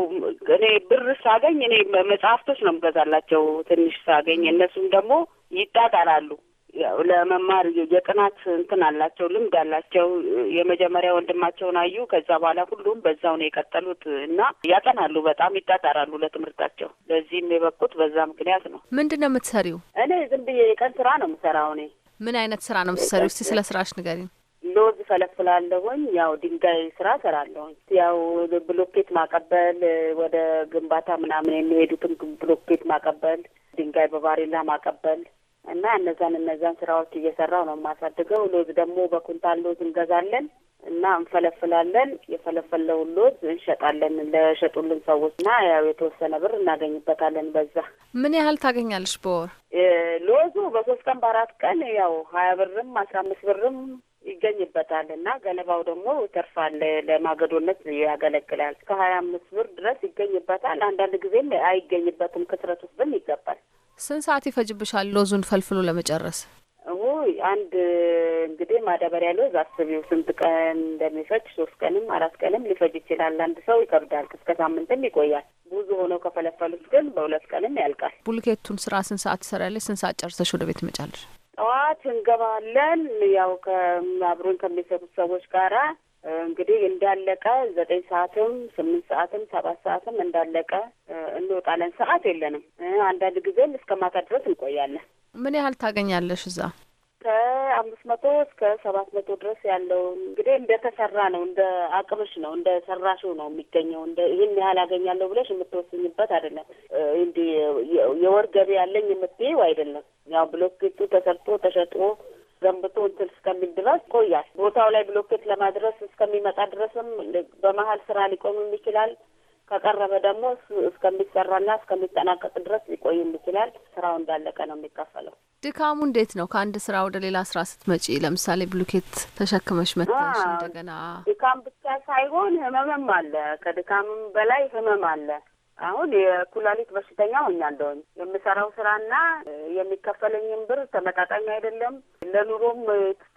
እኔ ብር ሳገኝ እኔ መጽሐፍቶች ነው የምገዛላቸው ትንሽ ሳገኝ። እነሱም ደግሞ ይጣጣላሉ ያው ለመማር የጥናት እንትን አላቸው፣ ልምድ አላቸው። የመጀመሪያ ወንድማቸውን አዩ። ከዛ በኋላ ሁሉም በዛው ነው የቀጠሉት እና ያጠናሉ፣ በጣም ይጣጣራሉ ለትምህርታቸው። ለዚህም የበቁት በዛ ምክንያት ነው። ምንድን ነው የምትሰሪው? እኔ ዝም ብዬ የቀን ስራ ነው የምሰራው። እኔ ምን አይነት ስራ ነው የምትሰሪው? እስቲ ስለ ስራሽ ንገሪኝ። ሎዝ ፈለፍላለሁኝ። ያው ድንጋይ ስራ ሰራለሁኝ። ያው ብሎኬት ማቀበል፣ ወደ ግንባታ ምናምን የሚሄዱትን ብሎኬት ማቀበል፣ ድንጋይ በባሪላ ማቀበል እና እነዛን እነዛን ስራዎች እየሰራው ነው የማሳድገው። ሎዝ ደግሞ በኩንታል ሎዝ እንገዛለን እና እንፈለፍላለን። የፈለፈለውን ሎዝ እንሸጣለን ለሸጡልን ሰዎች እና ያው የተወሰነ ብር እናገኝበታለን። በዛ ምን ያህል ታገኛለች በወር? ሎዙ በሶስት ቀን በአራት ቀን ያው ሀያ ብርም አስራ አምስት ብርም ይገኝበታል እና ገለባው ደግሞ ይተርፋል። ለማገዶነት ያገለግላል። ከሀያ አምስት ብር ድረስ ይገኝበታል። አንዳንድ ጊዜም አይገኝበትም። ክስረት ውስጥም ይገባል። ስንት ሰዓት ይፈጅብሻል ሎዙን ፈልፍሎ ለመጨረስ? አንድ እንግዲህ ማዳበሪያ ሎዝ አስቢው ስንት ቀን እንደሚፈጅ ሶስት ቀንም አራት ቀንም ሊፈጅ ይችላል። አንድ ሰው ይከብዳል፣ እስከ ሳምንትም ይቆያል። ብዙ ሆነው ከፈለፈሉት ግን በሁለት ቀንም ያልቃል። ቡልኬቱን ስራ ስንት ሰዓት ትሰሪያለሽ? ስንት ሰዓት ጨርሰሽ ወደ ቤት ትመጫለሽ? ጠዋት እንገባለን። ያው ከአብሮን ከሚሰሩት ሰዎች ጋራ እንግዲህ እንዳለቀ ዘጠኝ ሰዓትም ስምንት ሰዓትም ሰባት ሰዓትም እንዳለቀ እንወጣለን። ሰዓት የለንም። አንዳንድ ጊዜም እስከ ማታ ድረስ እንቆያለን። ምን ያህል ታገኛለሽ እዛ? ከአምስት መቶ እስከ ሰባት መቶ ድረስ ያለው እንግዲህ እንደተሰራ ነው። እንደ አቅምሽ ነው፣ እንደ ሰራሹ ነው የሚገኘው። እንደ ይህን ያህል አገኛለሁ ብለሽ የምትወስኝበት አይደለም። እንዲህ የወር ገቢ ያለኝ የምትይው አይደለም። ያው ብሎኬቱ ተሰርቶ ተሸጥሞ ገንብቶ እንትን እስከሚል ድረስ ቆያል። ቦታው ላይ ብሎኬት ለማድረስ እስከሚመጣ ድረስም በመሀል ስራ ሊቆምም ይችላል። ከቀረበ ደግሞ እስከሚሰራና እስከሚጠናቀቅ ድረስ ሊቆይም ይችላል። ስራው እንዳለቀ ነው የሚከፈለው። ድካሙ እንዴት ነው? ከአንድ ስራ ወደ ሌላ ስራ ስትመጪ፣ ለምሳሌ ብሎኬት ተሸክመሽ መታሽ እንደገና ድካም ብቻ ሳይሆን ህመምም አለ። ከድካምም በላይ ህመም አለ። አሁን የኩላሊት በሽተኛ ሆኛለሁኝ። የምሰራው ስራና የሚከፈለኝም ብር ተመጣጣኝ አይደለም። ለኑሮም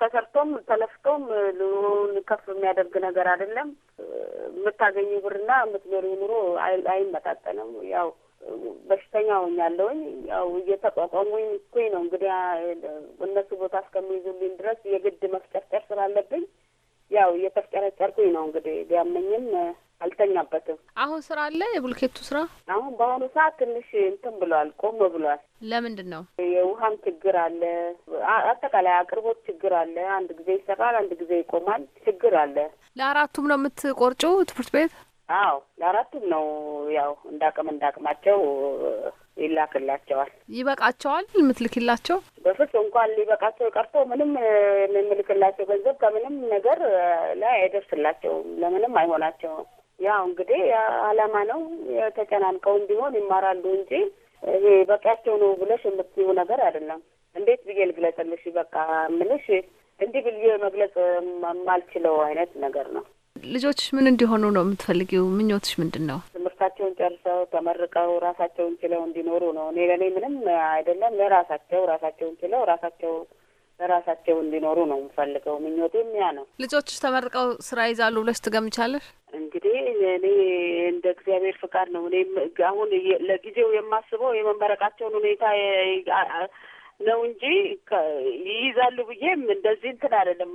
ተሰርቶም ተለፍቶም ኑሮን ከፍ የሚያደርግ ነገር አይደለም። የምታገኙ ብርና የምትኖሪ ኑሮ አይመጣጠንም። ያው በሽተኛ ሆኛለሁኝ። ያው እየተቋቋሙኝ እኩኝ ነው እንግዲህ እነሱ ቦታ እስከሚይዙልኝ ድረስ የግድ መፍጨርጨር ስላለብኝ ያው እየተፍጨረጨርኩኝ ነው እንግዲህ ቢያመኝም አልተኛበትም። አሁን ስራ አለ የቡልኬቱ ስራ አሁን በአሁኑ ሰዓት ትንሽ እንትን ብሏል፣ ቆም ብሏል። ለምንድን ነው? የውሀም ችግር አለ፣ አጠቃላይ አቅርቦት ችግር አለ። አንድ ጊዜ ይሰራል፣ አንድ ጊዜ ይቆማል። ችግር አለ። ለአራቱም ነው የምትቆርጩ ትምህርት ቤት? አዎ ለአራቱም ነው። ያው እንዳቅም እንዳቅማቸው ይላክላቸዋል። ይበቃቸዋል የምትልክላቸው? በፍጹም እንኳን ሊበቃቸው ቀርቶ ምንም የምንልክላቸው ገንዘብ ከምንም ነገር ላይ አይደርስላቸውም፣ ለምንም አይሆናቸውም። ያው እንግዲህ አላማ ነው። ተጨናንቀው ቢሆን ይማራሉ እንጂ ይሄ በቂያቸው ነው ብለሽ የምትይው ነገር አይደለም። እንዴት ብዬ ልግለጽልሽ? በቃ ምልሽ እንዲህ ብዬ መግለጽ የማልችለው አይነት ነገር ነው። ልጆች ምን እንዲሆኑ ነው የምትፈልጊው? ምኞትሽ ምንድን ነው? ትምህርታቸውን ጨርሰው ተመርቀው ራሳቸውን ችለው እንዲኖሩ ነው። እኔ ለእኔ ምንም አይደለም። ለራሳቸው ራሳቸውን ችለው ራሳቸው በራሳቸው እንዲኖሩ ነው የምፈልገው። ምኞቴም ያ ነው። ልጆችሽ ተመርቀው ስራ ይዛሉ ብለሽ ትገምቻለሽ? እንግዲህ እኔ እንደ እግዚአብሔር ፍቃድ ነው። እኔም አሁን ለጊዜው የማስበው የመመረቃቸውን ሁኔታ ነው እንጂ ይይዛሉ ብዬም እንደዚህ እንትን አይደለም፣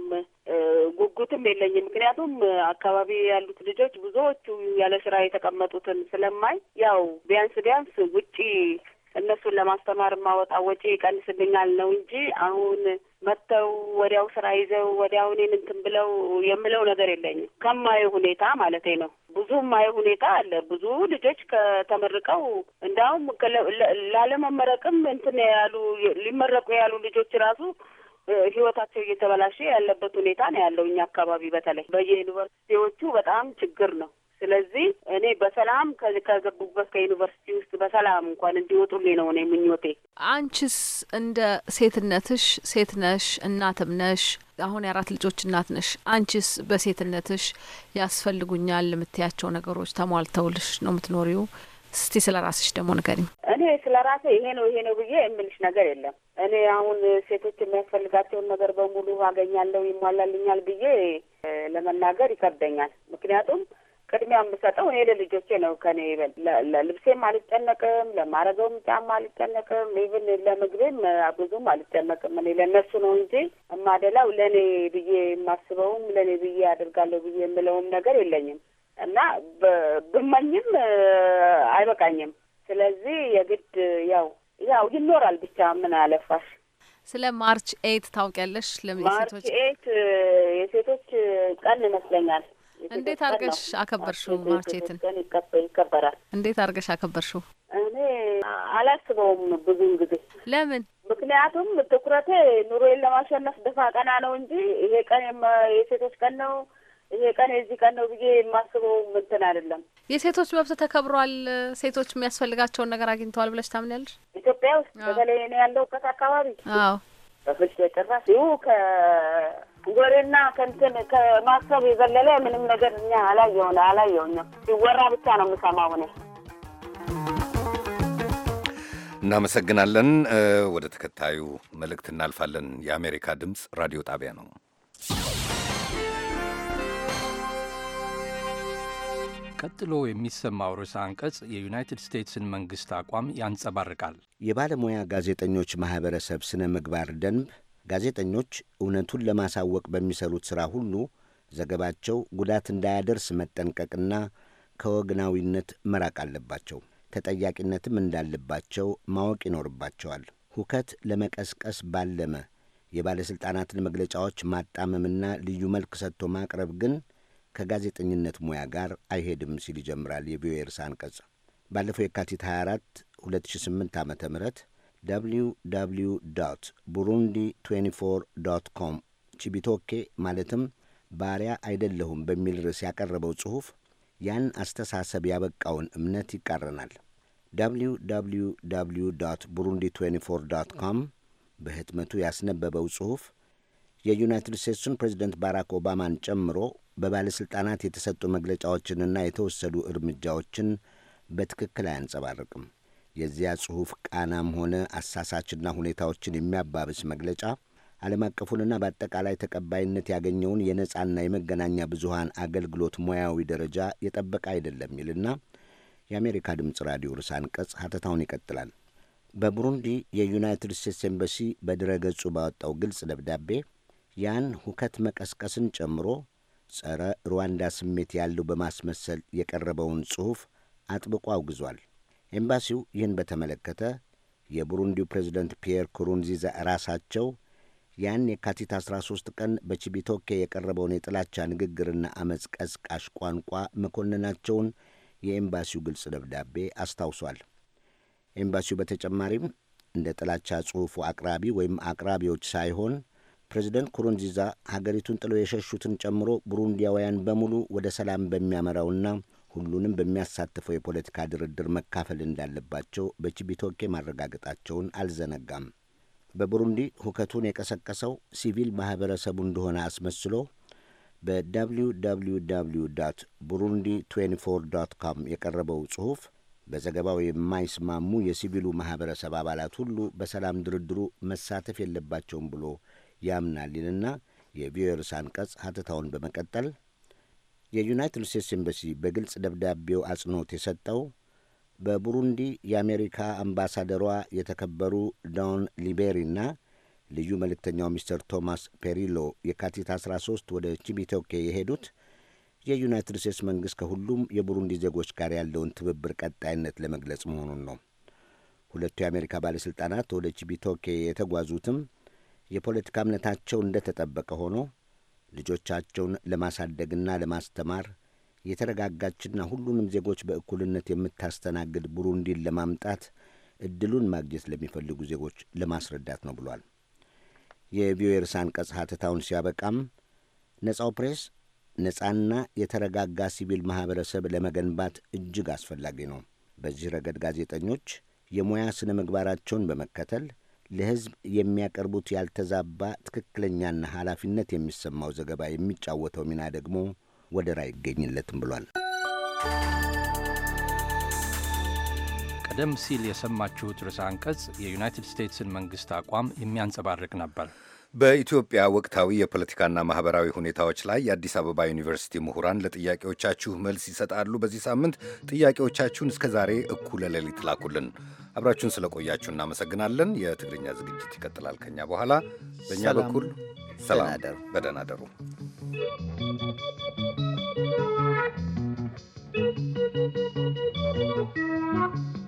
ጉጉትም የለኝም። ምክንያቱም አካባቢ ያሉት ልጆች ብዙዎቹ ያለ ስራ የተቀመጡትን ስለማይ ያው ቢያንስ ቢያንስ ውጪ እነሱን ለማስተማር ማወጣ ወጪ ይቀንስልኛል ነው እንጂ አሁን መጥተው ወዲያው ስራ ይዘው ወዲያው እኔን እንትን ብለው የምለው ነገር የለኝም። ከማየ ሁኔታ ማለቴ ነው። ብዙ ማየ ሁኔታ አለ። ብዙ ልጆች ከተመርቀው እንዳውም ላለመመረቅም እንትን ያሉ ሊመረቁ ያሉ ልጆች ራሱ ህይወታቸው እየተበላሸ ያለበት ሁኔታ ነው ያለው። እኛ አካባቢ በተለይ በየዩኒቨርሲቲዎቹ በጣም ችግር ነው። ስለዚህ እኔ በሰላም ከገቡበት ከዩኒቨርሲቲ ውስጥ በሰላም እንኳን እንዲወጡልኝ ነው እኔ ምኞቴ። አንቺስ እንደ ሴትነትሽ ሴት ነሽ፣ እናትም ነሽ፣ አሁን የአራት ልጆች እናት ነሽ። አንቺስ በሴትነትሽ ያስፈልጉኛል የምትያቸው ነገሮች ተሟልተውልሽ ነው የምትኖሪው? እስቲ ስለ ራስሽ ደግሞ ንገሪኝ። እኔ ስለ ራሴ ይሄ ነው ይሄ ነው ብዬ የምልሽ ነገር የለም። እኔ አሁን ሴቶች የሚያስፈልጋቸውን ነገር በሙሉ አገኛለሁ፣ ይሟላልኛል ብዬ ለመናገር ይከብደኛል። ምክንያቱም ቅድሚያ የምሰጠው እኔ ለልጆቼ ነው። ከኔ ይበል ለልብሴም አልጨነቅም፣ ለማረገውም ጫማ አልጨነቅም፣ ኢቭን ለምግቤም ብዙም አልጨነቅም። እኔ ለእነሱ ነው እንጂ እማደላው ለእኔ ብዬ የማስበውም ለእኔ ብዬ አድርጋለሁ ብዬ የምለውም ነገር የለኝም እና ብመኝም አይበቃኝም። ስለዚህ የግድ ያው ያው ይኖራል ብቻ ምን አለፋሽ። ስለ ማርች ኤት ታውቂያለሽ? ማርች ኤት የሴቶች ቀን ይመስለኛል እንዴት አርገሽ አከበርሽው? ማርቼትን ይከበራል። እንዴት አርገሽ አከበርሽው? እኔ አላስበውም ብዙን ጊዜ ለምን? ምክንያቱም ትኩረቴ ኑሮዬን ለማሸነፍ ደፋ ቀና ነው እንጂ ይሄ ቀን የሴቶች ቀን ነው ይሄ ቀን የዚህ ቀን ነው ብዬ የማስበው እንትን አይደለም። የሴቶች መብት ተከብሯል፣ ሴቶች የሚያስፈልጋቸውን ነገር አግኝተዋል ብለሽ ታምኛለሽ? ኢትዮጵያ ውስጥ በተለይ እኔ ያለሁበት አካባቢ አዎ በፍጹም ጭራሽ ይሁ ከ ወሬና ከንትን ከማሰብ የዘለለ ምንም ነገር እኛ አላየሆነ አላየሁኝም። ሲወራ ብቻ ነው የምሰማው እኔ። እናመሰግናለን። ወደ ተከታዩ መልእክት እናልፋለን። የአሜሪካ ድምፅ ራዲዮ ጣቢያ ነው። ቀጥሎ የሚሰማው ርዕሰ አንቀጽ የዩናይትድ ስቴትስን መንግሥት አቋም ያንጸባርቃል። የባለሙያ ጋዜጠኞች ማኅበረሰብ ሥነ ምግባር ደንብ ጋዜጠኞች እውነቱን ለማሳወቅ በሚሰሩት ሥራ ሁሉ ዘገባቸው ጉዳት እንዳያደርስ መጠንቀቅና ከወግናዊነት መራቅ አለባቸው። ተጠያቂነትም እንዳለባቸው ማወቅ ይኖርባቸዋል። ሁከት ለመቀስቀስ ባለመ የባለሥልጣናትን መግለጫዎች ማጣመምና ልዩ መልክ ሰጥቶ ማቅረብ ግን ከጋዜጠኝነት ሙያ ጋር አይሄድም ሲል ይጀምራል የቪኦኤ ርዕሰ አንቀጽ። ባለፈው የካቲት 24 2008 ዓ ም www ቡሩንዲ 24 ኮም ቺቢቶኬ ማለትም ባሪያ አይደለሁም በሚል ርዕስ ያቀረበው ጽሑፍ ያን አስተሳሰብ ያበቃውን እምነት ይቃረናል። www ቡሩንዲ 24 ኮም በህትመቱ ያስነበበው ጽሑፍ የዩናይትድ ስቴትሱን ፕሬዚደንት ባራክ ኦባማን ጨምሮ በባለሥልጣናት የተሰጡ መግለጫዎችንና የተወሰዱ እርምጃዎችን በትክክል አያንጸባርቅም። የዚያ ጽሑፍ ቃናም ሆነ አሳሳችና ሁኔታዎችን የሚያባብስ መግለጫ ዓለም አቀፉንና በአጠቃላይ ተቀባይነት ያገኘውን የነጻና የመገናኛ ብዙሃን አገልግሎት ሙያዊ ደረጃ የጠበቀ አይደለም ይልና የአሜሪካ ድምፅ ራዲዮ ርዕሰ አንቀጽ ሀተታውን ይቀጥላል። በቡሩንዲ የዩናይትድ ስቴትስ ኤምባሲ በድረ ገጹ ባወጣው ግልጽ ደብዳቤ ያን ሁከት መቀስቀስን ጨምሮ ጸረ ሩዋንዳ ስሜት ያለው በማስመሰል የቀረበውን ጽሑፍ አጥብቆ አውግዟል። ኤምባሲው ይህን በተመለከተ የቡሩንዲው ፕሬዚደንት ፒየር ኩሩንዚዛ ራሳቸው ያን የካቲት 13 ቀን በቺቢቶኬ የቀረበውን የጥላቻ ንግግርና አመፅ ቀስቃሽ ቋንቋ መኮንናቸውን የኤምባሲው ግልጽ ደብዳቤ አስታውሷል። ኤምባሲው በተጨማሪም እንደ ጥላቻ ጽሑፉ አቅራቢ ወይም አቅራቢዎች ሳይሆን ፕሬዚደንት ኩሩንዚዛ ሀገሪቱን ጥለው የሸሹትን ጨምሮ ቡሩንዲያውያን በሙሉ ወደ ሰላም በሚያመራውና ሁሉንም በሚያሳትፈው የፖለቲካ ድርድር መካፈል እንዳለባቸው በቺቢቶኬ ማረጋገጣቸውን አልዘነጋም። በቡሩንዲ ሁከቱን የቀሰቀሰው ሲቪል ማኅበረሰቡ እንደሆነ አስመስሎ በwww ቡሩንዲ 24 ካም የቀረበው ጽሑፍ በዘገባው የማይስማሙ የሲቪሉ ማኅበረሰብ አባላት ሁሉ በሰላም ድርድሩ መሳተፍ የለባቸውም ብሎ ያምናል ይልና የቪዮርስ አንቀጽ ሀተታውን በመቀጠል የዩናይትድ ስቴትስ ኤምባሲ በግልጽ ደብዳቤው አጽንኦት የሰጠው በቡሩንዲ የአሜሪካ አምባሳደሯ የተከበሩ ዶን ሊቤሪና ልዩ መልእክተኛው ሚስተር ቶማስ ፔሪሎ የካቲት 13 ወደ ቺቢቶኬ የሄዱት የዩናይትድ ስቴትስ መንግሥት ከሁሉም የቡሩንዲ ዜጎች ጋር ያለውን ትብብር ቀጣይነት ለመግለጽ መሆኑን ነው። ሁለቱ የአሜሪካ ባለሥልጣናት ወደ ቺቢቶኬ የተጓዙትም የፖለቲካ እምነታቸው እንደተጠበቀ ሆኖ ልጆቻቸውን ለማሳደግና ለማስተማር የተረጋጋችና ሁሉንም ዜጎች በእኩልነት የምታስተናግድ ቡሩንዲን ለማምጣት እድሉን ማግኘት ለሚፈልጉ ዜጎች ለማስረዳት ነው ብሏል። የቪኦኤ ርዕሰ አንቀጽ ሐተታውን ሲያበቃም ነጻው ፕሬስ ነጻና የተረጋጋ ሲቪል ማኅበረሰብ ለመገንባት እጅግ አስፈላጊ ነው። በዚህ ረገድ ጋዜጠኞች የሙያ ሥነ ምግባራቸውን በመከተል ለሕዝብ የሚያቀርቡት ያልተዛባ ትክክለኛና ኃላፊነት የሚሰማው ዘገባ የሚጫወተው ሚና ደግሞ ወደር አይገኝለትም ብሏል። ቀደም ሲል የሰማችሁት ርዕሰ አንቀጽ የዩናይትድ ስቴትስን መንግሥት አቋም የሚያንጸባርቅ ነበር። በኢትዮጵያ ወቅታዊ የፖለቲካና ማህበራዊ ሁኔታዎች ላይ የአዲስ አበባ ዩኒቨርሲቲ ምሁራን ለጥያቄዎቻችሁ መልስ ይሰጣሉ። በዚህ ሳምንት ጥያቄዎቻችሁን እስከ ዛሬ እኩለ ሌሊት ላኩልን። አብራችሁን ስለቆያችሁ እናመሰግናለን። የትግርኛ ዝግጅት ይቀጥላል ከኛ በኋላ። በእኛ በኩል ሰላም፣ በደህና you.